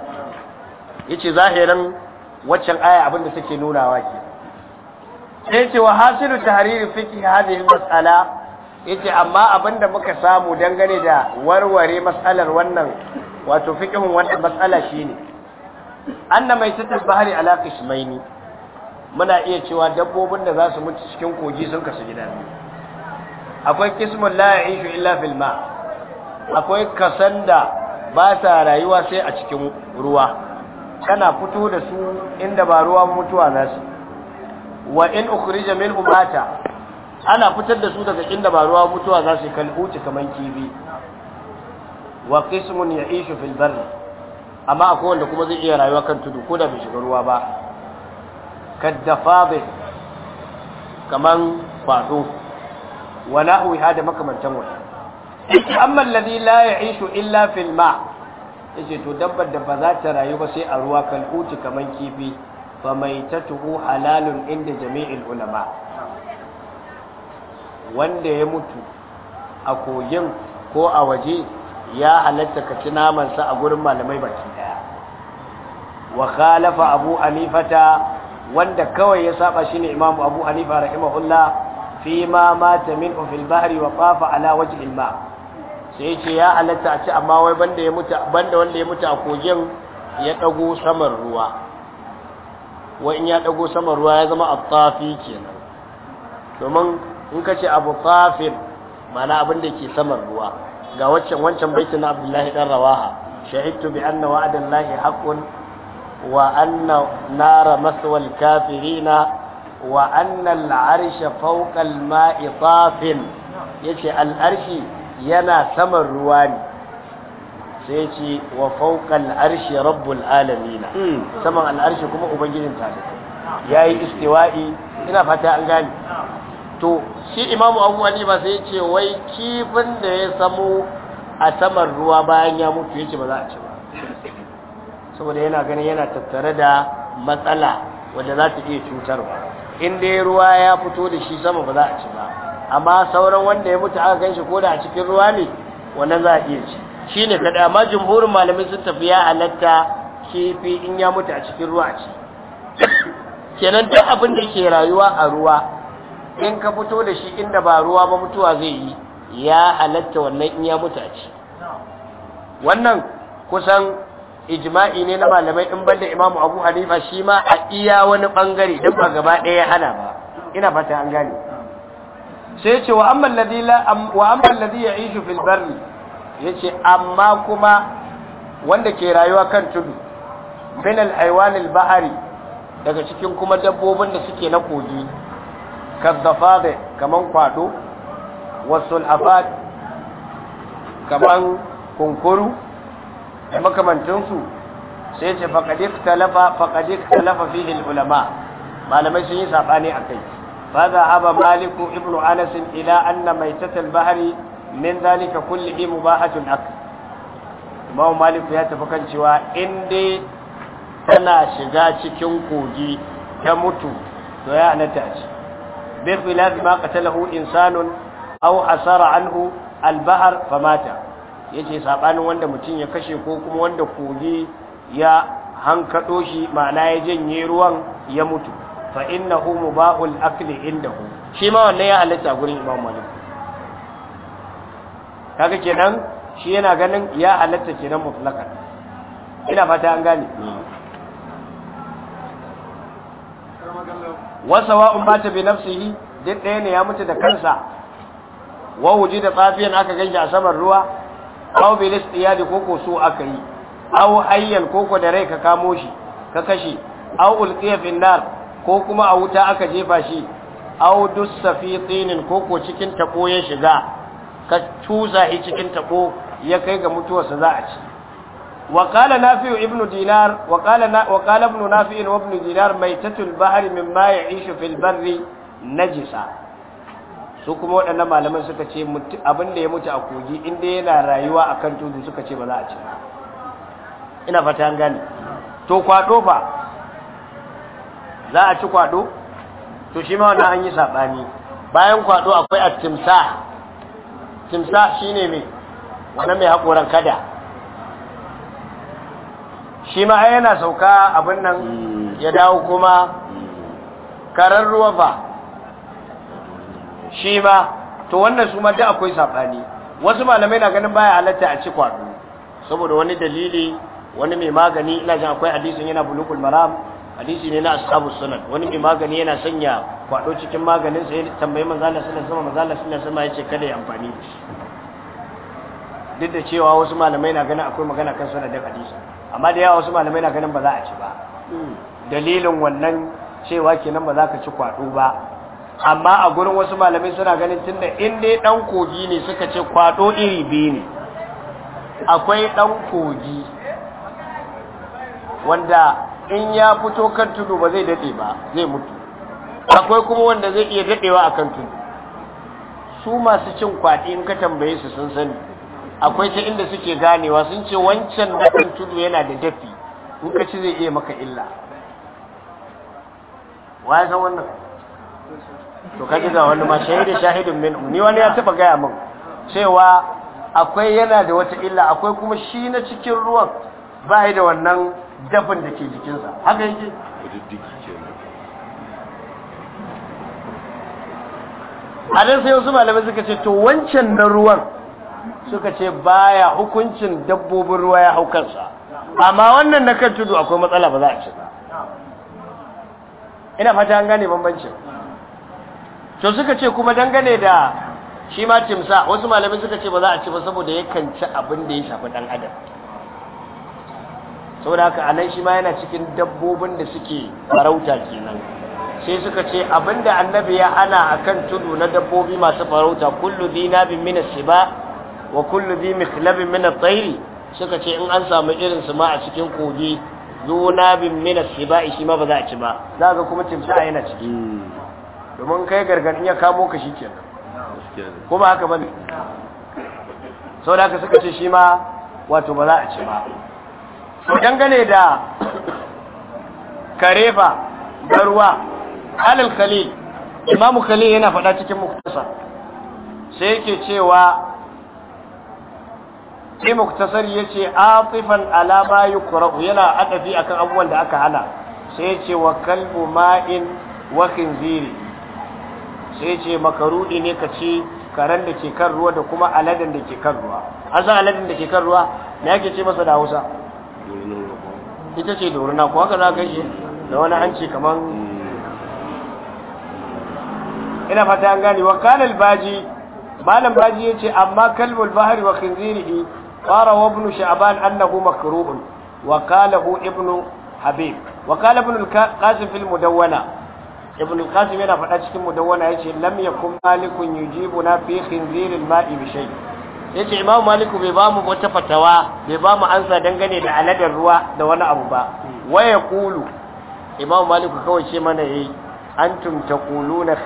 yace zahirin waccan aya abin da take nunawa ke sai ce wa hasilu tahriri fiqh hadhihi mas'ala yace amma abin da muka samu dangane da warware mas'alar wannan wato fiqhun wannan mas'ala shine anna mai tatul bahari ala qismaini muna iya cewa dabbobin da za su mutu cikin kogi sun kasu gida akwai kismun la ya'ishu illa fil ma akwai kasan da ba sa rayuwa sai a cikin ruwa kana fito da su inda ba ruwa mutuwa nasu wa in ukhrija min mata ana fitar da su daga inda ba ruwa mutuwa za su kalhuci kaman kibi wa qismun ya'ishu fil barr amma akwai wanda kuma zai iya rayuwa kan tudu ko da bai shiga ruwa ba kaddafabi kaman kwado wa nahwi hada makamantan wani amma alladhi la ya'ishu illa fil ma' ce to dabbar da ba za ta rayu ba sai a ruwa kamar kifi ba kifi fa tuhu halalun inda jami'in ulama wanda ya mutu a kogin ko a waje ya halatta ka ci namansa a gurin malamai baki daya wa khalafa abu hanifata wanda kawai ya saba shine imam abu hanifa rahimahullah fi ma mata min fil bahri wa qafa ala wajhi al sai ce ya halatta a ci amma wai banda ya mutu banda wanda ya mutu a kogin ya dago saman ruwa wa in ya dago saman ruwa ya zama attafi kenan domin in ka ce abu tsafin mana abin da ke saman ruwa ga waccan wancan baitin abdullahi dan rawaha shahidtu bi anna wa'adallahi haqqun wa anna nara maswal kafirina wa anna al'arsha fawqa al-ma'i tafin yace al'arshi yana saman ruwa ne sai ce wa faukan arshi rabbul alamina hmm. saman al'arshi kuma ubangijin ya yayi istiwa'i ina fata an gane to shi imamu abu ba sai ce wai kifin da ya samu a saman ruwa bayan ya mutu ce ba za a ci ba saboda yana ganin yana tattare da matsala wadda za ta iya cutarwa in dai ruwa ya fito da shi sama ba za a ci ba amma sauran wanda ya mutu aka kai shi ko da a cikin ruwa ne wannan za a iya ci shi ne kaɗai amma jumhurin malamin sun tafi ya halatta kifi in ya mutu a cikin ruwa ci kenan duk abin da ke rayuwa a ruwa in ka fito da shi inda ba ruwa ba mutuwa zai yi ya halatta wannan in ya mutu a ci wannan kusan ijma'i ne na malamai in banda imamu abu hanifa shi ma a iya wani bangare duk ba gaba ɗaya hana ba ina fata an gane sai ce wa amma alladhi la wa amma alladhi ya'ishu yace amma kuma wanda ke rayuwa kan tudu min al bahari daga cikin kuma dabbobin da suke na kogi da kaman kwado wasul afat kaman kunkuru da makamantansu sai ce faƙadik talafa faƙadik ulama malamai sun yi saɓani a kai فذهب مالك ابن أنس إلى أن ميتة البحر من ذلك كله مباحة أكل ما مالك يا تفكن شوا إندي تنا شغا cikin kogi ta mutu to ya anata ce bi khilaf ma qatalahu insanun aw asara anhu famata yace sabanin wanda mutum ya kashe ko kuma wanda kogi ya hankado shi ma'ana ya janye ruwan ya mutu fa innahu mubahul akli indahu shi ma wannan ya halatta gurin Imam Malik kaga kenan shi yana ganin ya halatta kenan mutlaka ina fata an gane wa sawa'un bata bi nafsihi duk ɗaya ne ya mutu da kansa wa wujida tsafiyan aka ganshi a saman ruwa aw bil istiyadi koko su aka yi aw hayyan koko da rai ka kamo shi ka kashe aw ulqiya fi nar ko kuma a wuta aka jefa shi aw dussa fi tinin ko ko cikin tabo ya shiga ka tuza shi cikin tabo ya kai ga mutuwarsa za a ci wa qala nafi'u ibnu dinar wa qala wa qala ibnu nafi'in wa ibnu dinar maitatul bahri mimma ya'ishu fil barri najisa su kuma waɗannan malaman suka ce abin da ya mutu a kogi inda yana rayuwa akan kan tudu suka ce ba za a ci ina fata gani to kwado fa za a ci kwado to shi ma wannan an yi saɓani bayan kwado akwai a timsa timsa shi ne mai wannan mai haƙoran kada shi ma ai yana sauka abin nan mm. ya dawo kuma mm. karar ruwa ba shi ma to wannan su ma da akwai saɓani wasu malamai na ganin baya halatta a ci kwado saboda wani dalili wani mai magani ina jin akwai hadisin yana bulukul maram hadisi ne na ashabu sunan wani mai magani yana sanya kwado cikin maganin sai tambayi manzo Allah sallallahu alaihi wasallam manzo Allah sallallahu yace kada ya amfani da shi duk da cewa wasu malamai na ganin akwai magana kan sanadin hadisi amma da yawa wasu malamai na ganin ba za a ci ba dalilin wannan cewa kenan ba za ka ci kwado ba amma a gurin wasu malamai suna ganin tunda in dai dan kogi ne suka ce kwado iri biyu ne akwai dan kogi wanda in ya fito kan tudu ba zai daɗe ba zai mutu akwai kuma wanda zai iya daɗewa a kan tudu su masu cin kwaɗi in ka tambaye su sun sani akwai ta inda suke ganewa sun ce wancan na kan tudu yana da dafi in ka ci zai iya maka illa wa ya san wannan to ka ji ga wani ma shahidu shahidun min ni wani ya taba gaya min cewa akwai yana da wata illa akwai kuma shi na cikin ruwan ba da wannan dafin da ke jikinsa haka yake a dan sai wasu malamai suka ce to wancan na ruwan suka ce baya hukuncin dabbobin ruwa ya hau kansa amma wannan na kan tudu akwai matsala ba za a ci ina fata an gane bambancin to suka ce kuma dangane da shi ma timsa wasu malamai suka ce ba za a ci ba saboda yakan ci abin da ya shafi dan adam saboda haka anan shi ma yana cikin dabbobin da suke farauta kenan sai suka ce abinda annabi ya ana akan tudu na dabbobi masu farauta kullu bin min as-siba wa kullu bi mikhlabin min at-tayr suka ce in an samu irin su ma a cikin kogi bin min as-siba shi ma ba za a ci ba za ga kuma timsa yana ciki domin kai gargadin ya kamo ka kenan kuma haka bane saboda haka suka ce shi ma wato ba za a ci ba to dangane da karefa garwa alal khalil imamu khalil yana faɗa cikin muktasa sai yake cewa sai muktasar ya ce atifan ala ma yukrahu yana adafi akan abubuwan da aka hana sai ya ce wa kalbu ma'in wa khinziri sai ya ce makarudi ne ka ci karen da ke kan ruwa da kuma aladen da ke kan ruwa an san aladan da ke kan ruwa me yake ce masa da Hausa ita ce dorina ko haka za ka shi da wani hanci kamar hmm. ina fata an gani wa kalal baji malam baji ce amma kalbul bahri wa khinzirihi qara wa ibn sha'ban annahu makruhun wa qalahu ibnu habib wa qala ibn al-qasim fil mudawwana ibn al-qasim yana faɗa cikin mudawwana yace lam yakun malikun yujibuna fi khinziril ma'i bi shay' ce imamu maliku bai ba mu wata fatawa bai ba mu ansa dangane da aladar ruwa da wani abu ba waya kulu imamu maliku kawai ce mana yi an kulu na taquluna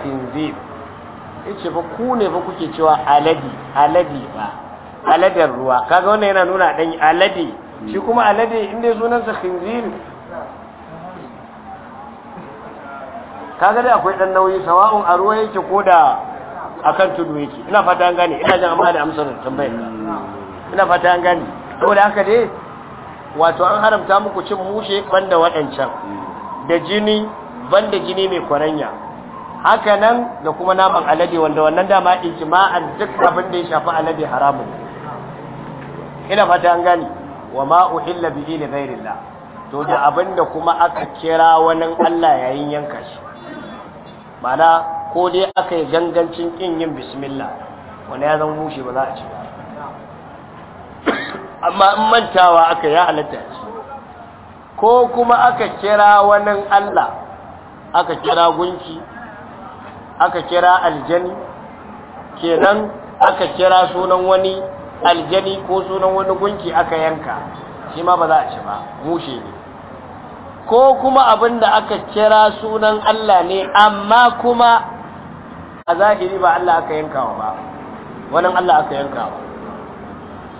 ya ce fa ku ne fa kuke cewa aladi aladi ba aladar ruwa kaga wannan yana nuna dan aladi shi kuma alade inda ya sunansa khinzir kaga dai akwai dan nauyi sawa'un a ruwa yake ko da akan tudu yake ina fata an gane ina jin amma da amsar tambayar ina fata an gane saboda haka dai wato an haramta muku cin mushe banda waɗancan da jini banda jini mai kwaranya haka nan da kuma naman alade wanda wannan dama ijma'an duk abin da ya shafi alade haramun ina fata an gane wa ma uhilla bi li ghairillah to da abin da kuma aka kira wani Allah yayin yanka shi ma'ana ko dai aka yi gangancin ƙin yin bismillah wani ya zama mushe ba za a ci ba amma in mantawa aka ya halatta ya ci ko kuma aka kira wani Allah aka kira gunki aka kira aljani kenan aka kira sunan wani aljani ko sunan wani gunki aka yanka shi ma ba za a ci ba mushe ne ko kuma abin da aka kira sunan Allah ne amma kuma a zahiri ba Allah aka yanka wa ba wannan Allah aka yanka wa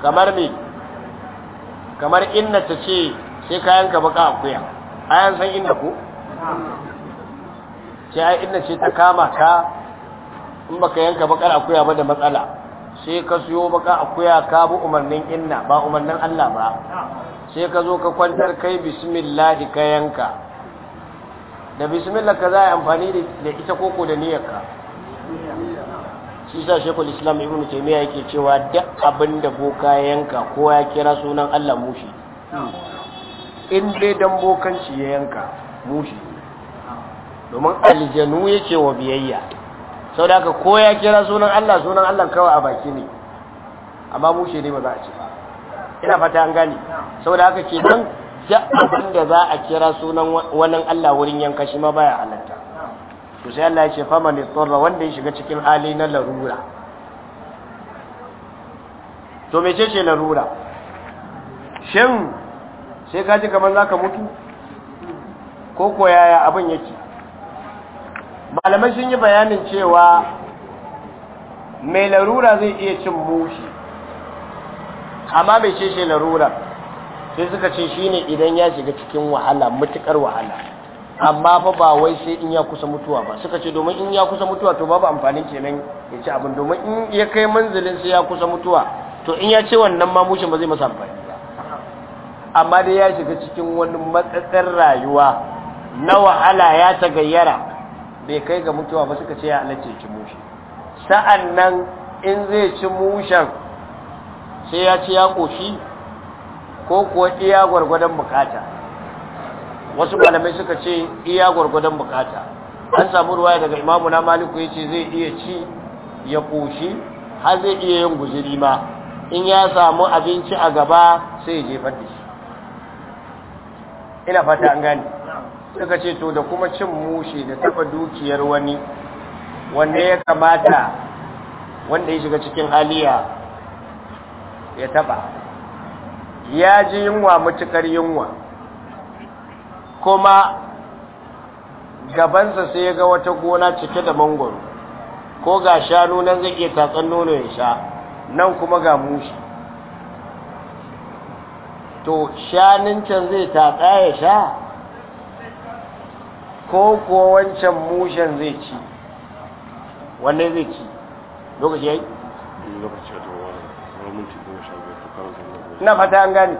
kamar me kamar inna ta ce sai ka yanka baka akuya ayan san inna ko ce ai inna ce ta kama ka in baka yanka bakar akuya ba da matsala sai ka siyo baka akuya ka bi umarnin inna ba umarnin Allah ba sai ka zo ka kwantar kai bismillah ka yanka da bismillah ka za a amfani da ita koko da niyyarka shi sa shekul islam ibn taimiyya yake cewa duk abin da boka yanka ko ya kira sunan allah mushi in dai dan bokanci ya yanka mushi domin aljanu yake wa biyayya sau da ko ya kira sunan allah sunan allah kawai a baki ne amma mushi ne ba za a ce ba ina fata an gane sau da haka ce don duk abin da za a kira sunan wannan allah wurin yanka shi ma baya halatta to sai Allah ya ce ne istarra wanda ya shiga cikin hali na larura to mece ce larura shin sai ka ji kamar zaka mutu ko ko yaya abin yake malamai sun yi bayanin cewa mai larura zai iya cin mushi amma mai ce larura sai suka ce shine idan ya shiga cikin wahala matukar wahala amma fa ba wai sai in ya kusa mutuwa ba suka ce domin in ya kusa mutuwa to babu amfani kenan ya ci abin domin in ya kai manzilin sai ya kusa mutuwa to in ya ce wannan mamushin ba zai masa amfani ba amma dai ya shiga cikin wani matsatsar rayuwa na wahala ya gayyara bai kai ga mutuwa ba suka ce ya alace ya ci mushi sa'an nan in zai ci mushen sai ya ci ya koshi ko kuwa iya gwargwadon bukata wasu malamai suka ce iya gwargwadon bukata an samu ruwa daga imamu na maliku ya ce zai iya ci ya koshi har zai iya yin guziri ma in ya samu abinci a gaba sai ya jefar da shi ina fata an gani suka ce to da kuma cin mushi da taba dukiyar wani wanda ya kamata wanda ya shiga cikin haliya ya taba ya ji yunwa matukar yunwa kuma gabansa sai ya ga wata gona cike da mangoro ko ga shanu nan zai iya tatsan nono ya sha nan kuma ga mushi to shanin can zai tatsa ya sha ko kuwa wancan mushen zai ci wannan zai ci lokaci yi? lokaci na fata an gane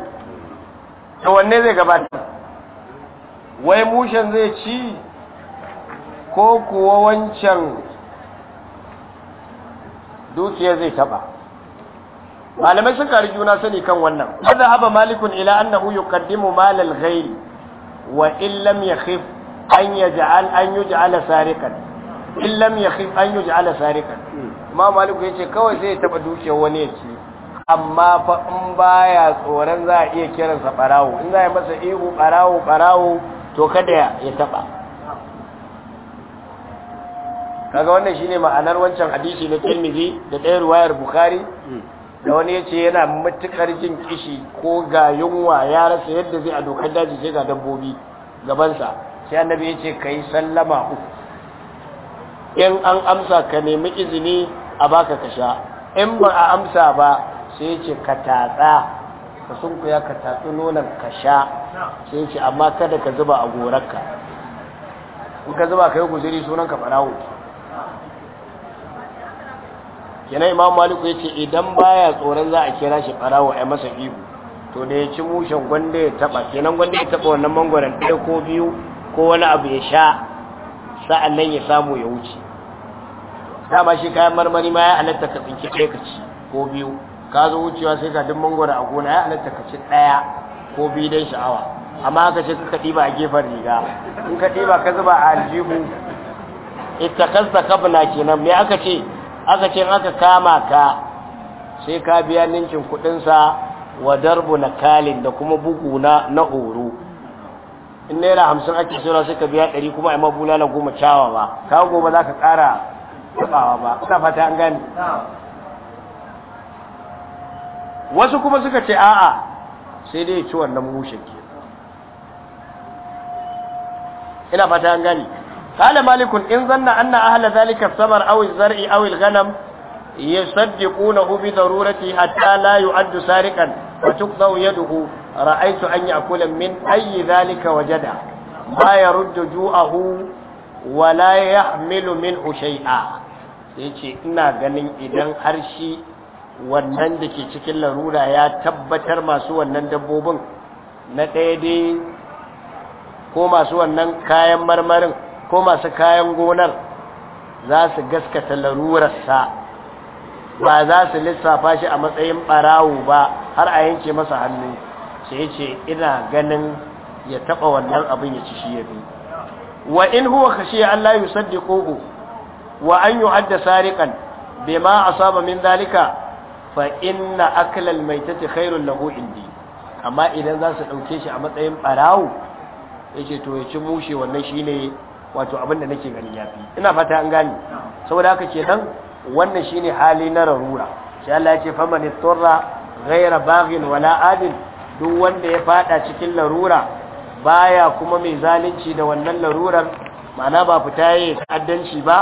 to wanne zai gabata wai mushen zai ci ko kuwa wancan dukiya zai taba malamai sun rigi juna sani kan wannan wadda haba malikun ila annahu yuqaddimu malal ghairi wa in lam yakhif an yaj'al an yuj'ala sariqan in lam yakhif an yuj'ala sariqan imam malik yace kawai sai ya taba dukiyar wani ya ci amma fa in baya tsoron za a iya kiransa barawo in za a yi masa ihu barawo barawo to kada ya taba kaga wannan shine ma'anar wancan hadisi na Tirmidhi da ɗaya ruwayar Bukhari da wani yace yana matukar jin kishi ko ga yunwa ya rasa yadda zai a dokar daji sai ga dabbobi gabansa sai annabi yace kai sallama uku in an amsa ka nemi izini a baka ka sha in ba a amsa ba sai yace ka tatsa ka ya ka tatsi nonon ka sha sai ce amma kada ka zuba a gorarka in ka zuba ka yi guziri sunan ka farawo kenan imam maliku ya ce idan baya tsoron za a kira shi farawo a masa ihu to da ya ci mushen gwanda ya taba kenan gwanda ya taba wannan mangwaron ɗaya ko biyu ko wani abu ya sha sa'an nan ya samu ya wuce dama shi kayan marmari ma ya halatta ka tsinki ɗaya ka ci ko biyu ka zo wucewa sai ka duk mangoro a gona ya halatta ka ci ɗaya ko biyu dai sha'awa amma aka ce ka ɗiba a gefen riga in ka ɗiba ka zuba a aljihu Ita kasta kabna kenan me aka ce aka ce aka kama ka sai ka biya ninkin kuɗinsa wa darbu na kalin da kuma bugu na na oro in naira hamsin ake saura sai ka biya ɗari kuma a mabula na goma cawa ba ka gobe za ka ƙara taɓawa ba ina gani wasu kuma suka ce a'a sai dai ci wannan mushin ke ina fata an gani kala malikun in zanna anna ahla zalika sabar aw zar'i aw al-ghanam yusaddiqunahu bi darurati hatta la yu'addu sariqan wa tuqdau yaduhu ra'aytu an ya'kula min ayi zalika wajada ma yaruddu ju'ahu wa la yahmilu min shay'a yace ina ganin idan har wannan da ke cikin larura ya tabbatar masu wannan dabbobin na ɗaya dai ko masu wannan kayan marmarin ko masu kayan gonar za su gaskata larurarsa ba za su lissafa shi a matsayin ɓarawo ba har a yanke masa hannu sai ce ina ganin ya taɓa wannan abin ya ci shi ya bi wa in huwa ya Allah yusaddiquhu wa an yu'adda sariqan bima a min dalika? fa inna aklal maitati khairul lahu indi amma idan za su dauke shi a matsayin barawo yace to ya mushe wannan shine wato abin da nake gani yafi ina fata an gane saboda haka kenan wannan shine hali na rarura sai Allah ya ce fa man istarra ghaira baghin wala adil duk wanda ya fada cikin larura baya kuma mai zalunci da wannan larurar ma'ana ba fita yayi ta'addanci ba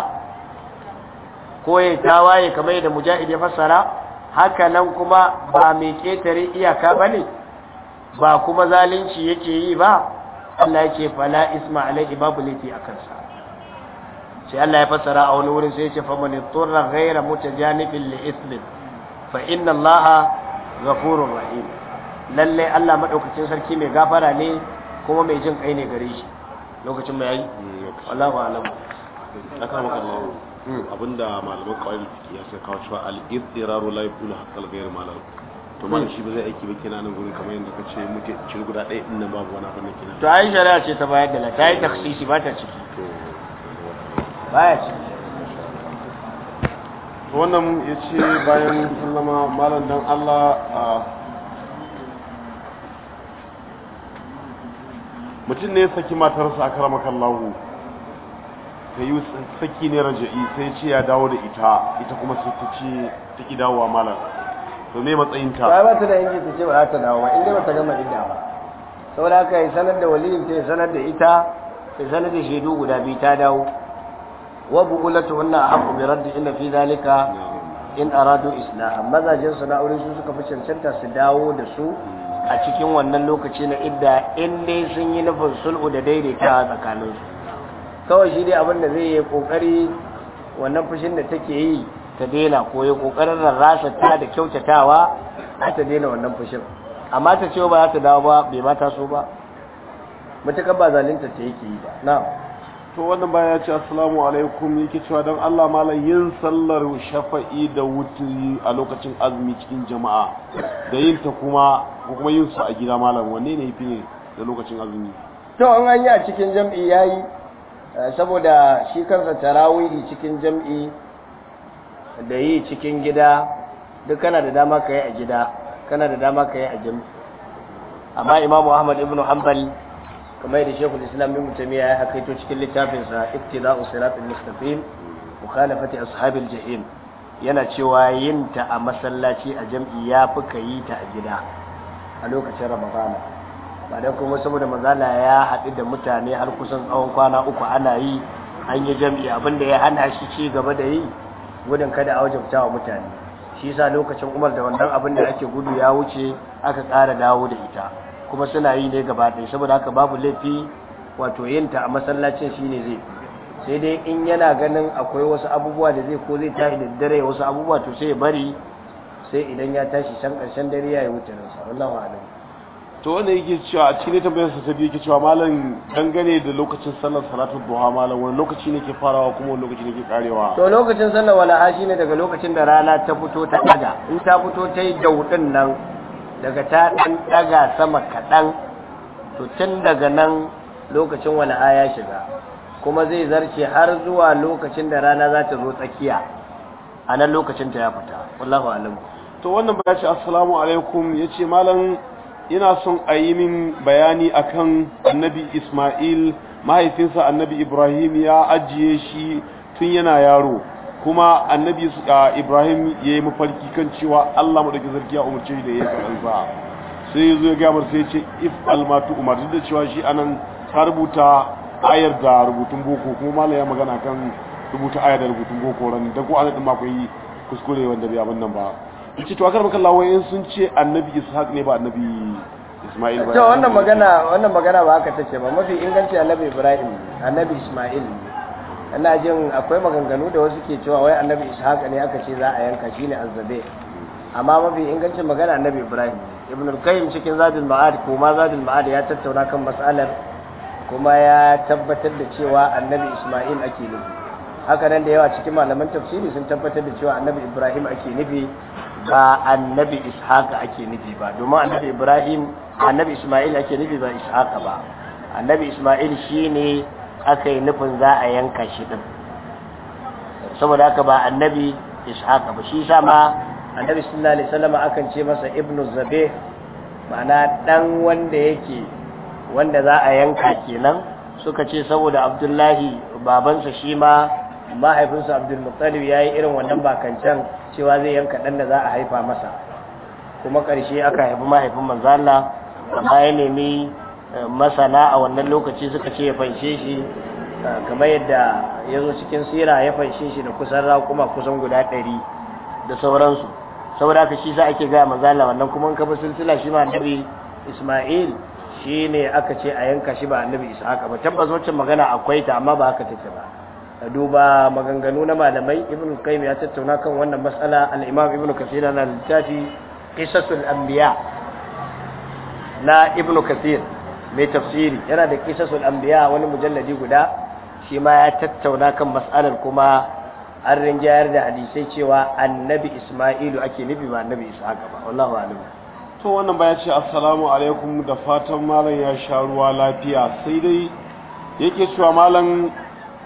ko ya tawaye kamar da mujahid ya fassara haka nan kuma ba mai ƙetare iyaka ba ne ba kuma zalunci yake yi ba Allah yake fala isma alaihi babu laifi a kansa sai Allah ya fassara a wani wurin sai ce man turra ghaira mutajanibin li ismin fa inna Allah ghafurur rahim lalle Allah madaukakin sarki mai gafara ne kuma mai jin kai ne gare shi lokacin mai yayi a'lam Hmm. abinda malaman kawai fiki ya sai kawo cewa al-iddiraru la yakunu haqqal ghayr malal to hmm. man shi ba zai aiki ba kina nan gurin kamar yadda kace muke cikin guda ɗaya din nan babu wani abin da kina to ai shari'a ce ta bayar da la ta yi hmm. takhsisi ba ta ciki to baya ciki wannan ya ce bayan sallama malam dan Allah a mutum ne ya saki matarsa a karamakan lahu ta yi saki ne raja'i sai ce ya dawo da ita ita kuma sai ta ce ta ki dawowa malam to me matsayin ta ba ta da yanki ta ce ba za ta dawo ba inda ba ta gama idda ba saboda haka ya sanar da waliyin ta ya sanar da ita ta sanar da shaidu guda biyu ta dawo wa bukulatu a haku bi raddi ina fi zalika in aradu islaha Mazajen su na aure su suka fi cancanta su dawo da su a cikin wannan lokaci na idda in dai sun yi nufin sulhu da daidaita tsakaninsu kawai shi dai abin da zai yi kokari wannan fushin da take yi ta daina ko ya kokarin rarrasa ta da kyautatawa a ta daina wannan fushin amma ta ce ba za ta dawo ba bai mata so ba mutukar ba zalinta ta yake yi ba na to wannan baya ce assalamu alaikum yake cewa don Allah malam yin sallar shafa'i da wuturi a lokacin azumi cikin jama'a da yin ta kuma ko kuma yin su a gida malam wanne ne yafi ne da lokacin azumi to an yi a cikin jam'i ya yi? Eh, saboda shi kansa tarawihi cikin jam'i da yi cikin gida duk kana da dama ka yi a gida kana da dama ka yi a jam'i amma imamu ahmad ibn hanbal kamar yadda shekul islam ibn tamiya ya hakaito cikin littafinsa iktida'u siratul mustaqim mukhalafati ashabil jahim yana cewa yin ta a masallaci a jam'i yafi ka yi ta a gida a lokacin ramadana ba dan kuma saboda mazala ya haɗu da mutane har kusan tsawon kwana uku ana yi an yi jam'i abinda ya hana shi ci gaba da yi gudun kada a wajabta wa mutane shi sa lokacin Umar da wannan abin da ake gudu ya wuce aka tsara dawo da ita kuma suna yi ne gaba ɗaya saboda haka babu laifi wato yin ta a masallacin shine zai sai dai in yana ganin akwai wasu abubuwa da zai ko zai tashi da dare wasu abubuwa to sai ya bari sai idan ya tashi can ƙarshen dare ya yi wuce sa wallahu a'lam to wanda yake cewa a cikin sa ta biyu yake cewa malam dangane da lokacin sallar salatul duha malam wani lokaci ne ke farawa kuma wani lokaci ne ke karewa to lokacin sallar hashi ne daga lokacin da rana ta fito ta daga in ta fito ta yi daudin nan daga ta dan daga sama kaɗan to tun daga nan lokacin wala ya shiga kuma zai zarce har zuwa lokacin da rana za ta zo tsakiya a nan lokacin ta ya fita wallahu alam to wannan ba shi assalamu alaikum ya ce malam ina son a yi min bayani akan annabi Ismail mahaifinsa annabi Ibrahim ya ajiye shi tun yana yaro kuma annabi Ibrahim ya yi mafarki kan cewa Allah maɗauki sarki ya umarce da ya sa sai ya zo ya gamar sai ce if almatu umar duk da cewa shi anan ta rubuta ayar da rubutun boko kuma malam ya magana kan rubuta ayar da rubutun boko ran da ko an din yi kuskure wanda bai abin nan ba ce to akar makallawa wayan sun ce annabi ishaq ne ba annabi isma'il ba to wannan magana wannan magana ba haka take ba mafi inganci annabi ibrahim annabi isma'il ina jin akwai maganganu da wasu ke cewa wai annabi ishaq ne aka ce za a yanka shine azzabe amma mafi ingancin magana annabi ibrahim ibn al-qayyim cikin zadul ma'ad ko ma zadul ma'ad ya tattauna kan mas'alar kuma ya tabbatar da cewa annabi isma'il ake nufi haka nan da yawa cikin malaman tafsiri sun tabbatar da cewa annabi ibrahim ake nufi ba annabi ishaqa ake nufi ba domin annabi ibrahim annabi isma'il ake nufi ba ishaqa ba annabi isma'il shine aka yi nufin za a yanka shi din saboda haka ba annabi ishaqa ba shi sa ma annabi sallallahu alaihi wasallam akan ce masa ibnu zabe ma'ana dan wanda yake wanda za a yanka kenan suka ce saboda abdullahi babansa shi ma mahaifinsu abdulmuttalib ya yi irin wannan bakancan cewa zai yanka ɗan da za a haifa masa kuma ƙarshe aka haifi mahaifin manzala amma ya nemi eh, masana a wannan lokaci suka ce ya fanshe shi eh, kamar yadda ya zo cikin sira ya fanshe shi da kusan raƙuma kusan guda ɗari da sauransu saboda ka shi za ake gaya manzala wannan kuma in kafa silsila shi ma annabi isma'il shi ne aka ce a yanka shi ba annabi isa ba tabbas wacce magana akwai ta amma ba haka take ba duba maganganu na malamai ibn qayyim ya tattauna kan wannan matsala al-imam ibn kathir na littafi qisasul anbiya na ibn kathir mai tafsiri yana da qisasul anbiya wani mujalladi guda shi ma ya tattauna kan mas'alar kuma an rinjayar da hadisai cewa annabi isma'ilu ake nufi ba annabi ishaqa ba wallahu a'lam to wannan baya ce assalamu alaikum da fatan malam ya sha ruwa lafiya sai dai yake cewa malam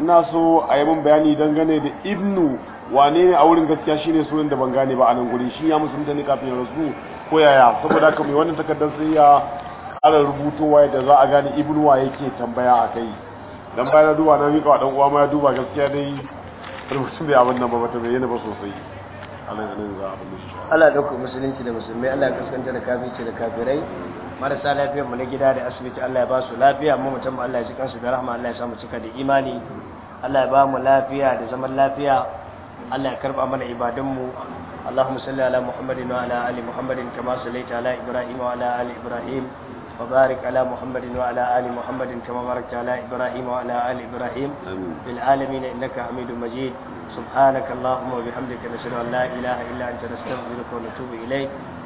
ina so a yi mun bayani dangane da ibnu wane ne a wurin gaskiya shine sunan da ban gane ba a nan guri shi ya musulunta ne kafin ya rasu ko yaya saboda haka mai wannan takardar sai ya rubutu waye da za a gane ibnu wa yake tambaya a kai dan bayan duba na miƙa wa dan uwa ma ya duba gaskiya dai rubutun bai abin nan ba ta bayyana ba sosai Allah ya nuna za a Allah ya dauka musulunci da musulmai Allah ya kaskanta da kafirci da kafirai marasa lafiyar mu na gida da asibiti Allah ya ba su lafiya mu mutum Allah ya ji kansu da rahama Allah ya samu cika da imani Allah ya ba mu lafiya da zaman lafiya Allah ya karba mana ibadan mu Allahumma salli ala Muhammadin wa ala ali Muhammadin kama sallaita ala Ibrahim wa ali Ibrahim wa ala Muhammadin wa ali Muhammadin kama barakta ala Ibrahim wa ali Ibrahim bil alamin innaka Hamidum Majid subhanaka Allahumma wa bihamdika nashhadu an la ilaha illa anta nastaghfiruka wa natubu ilayk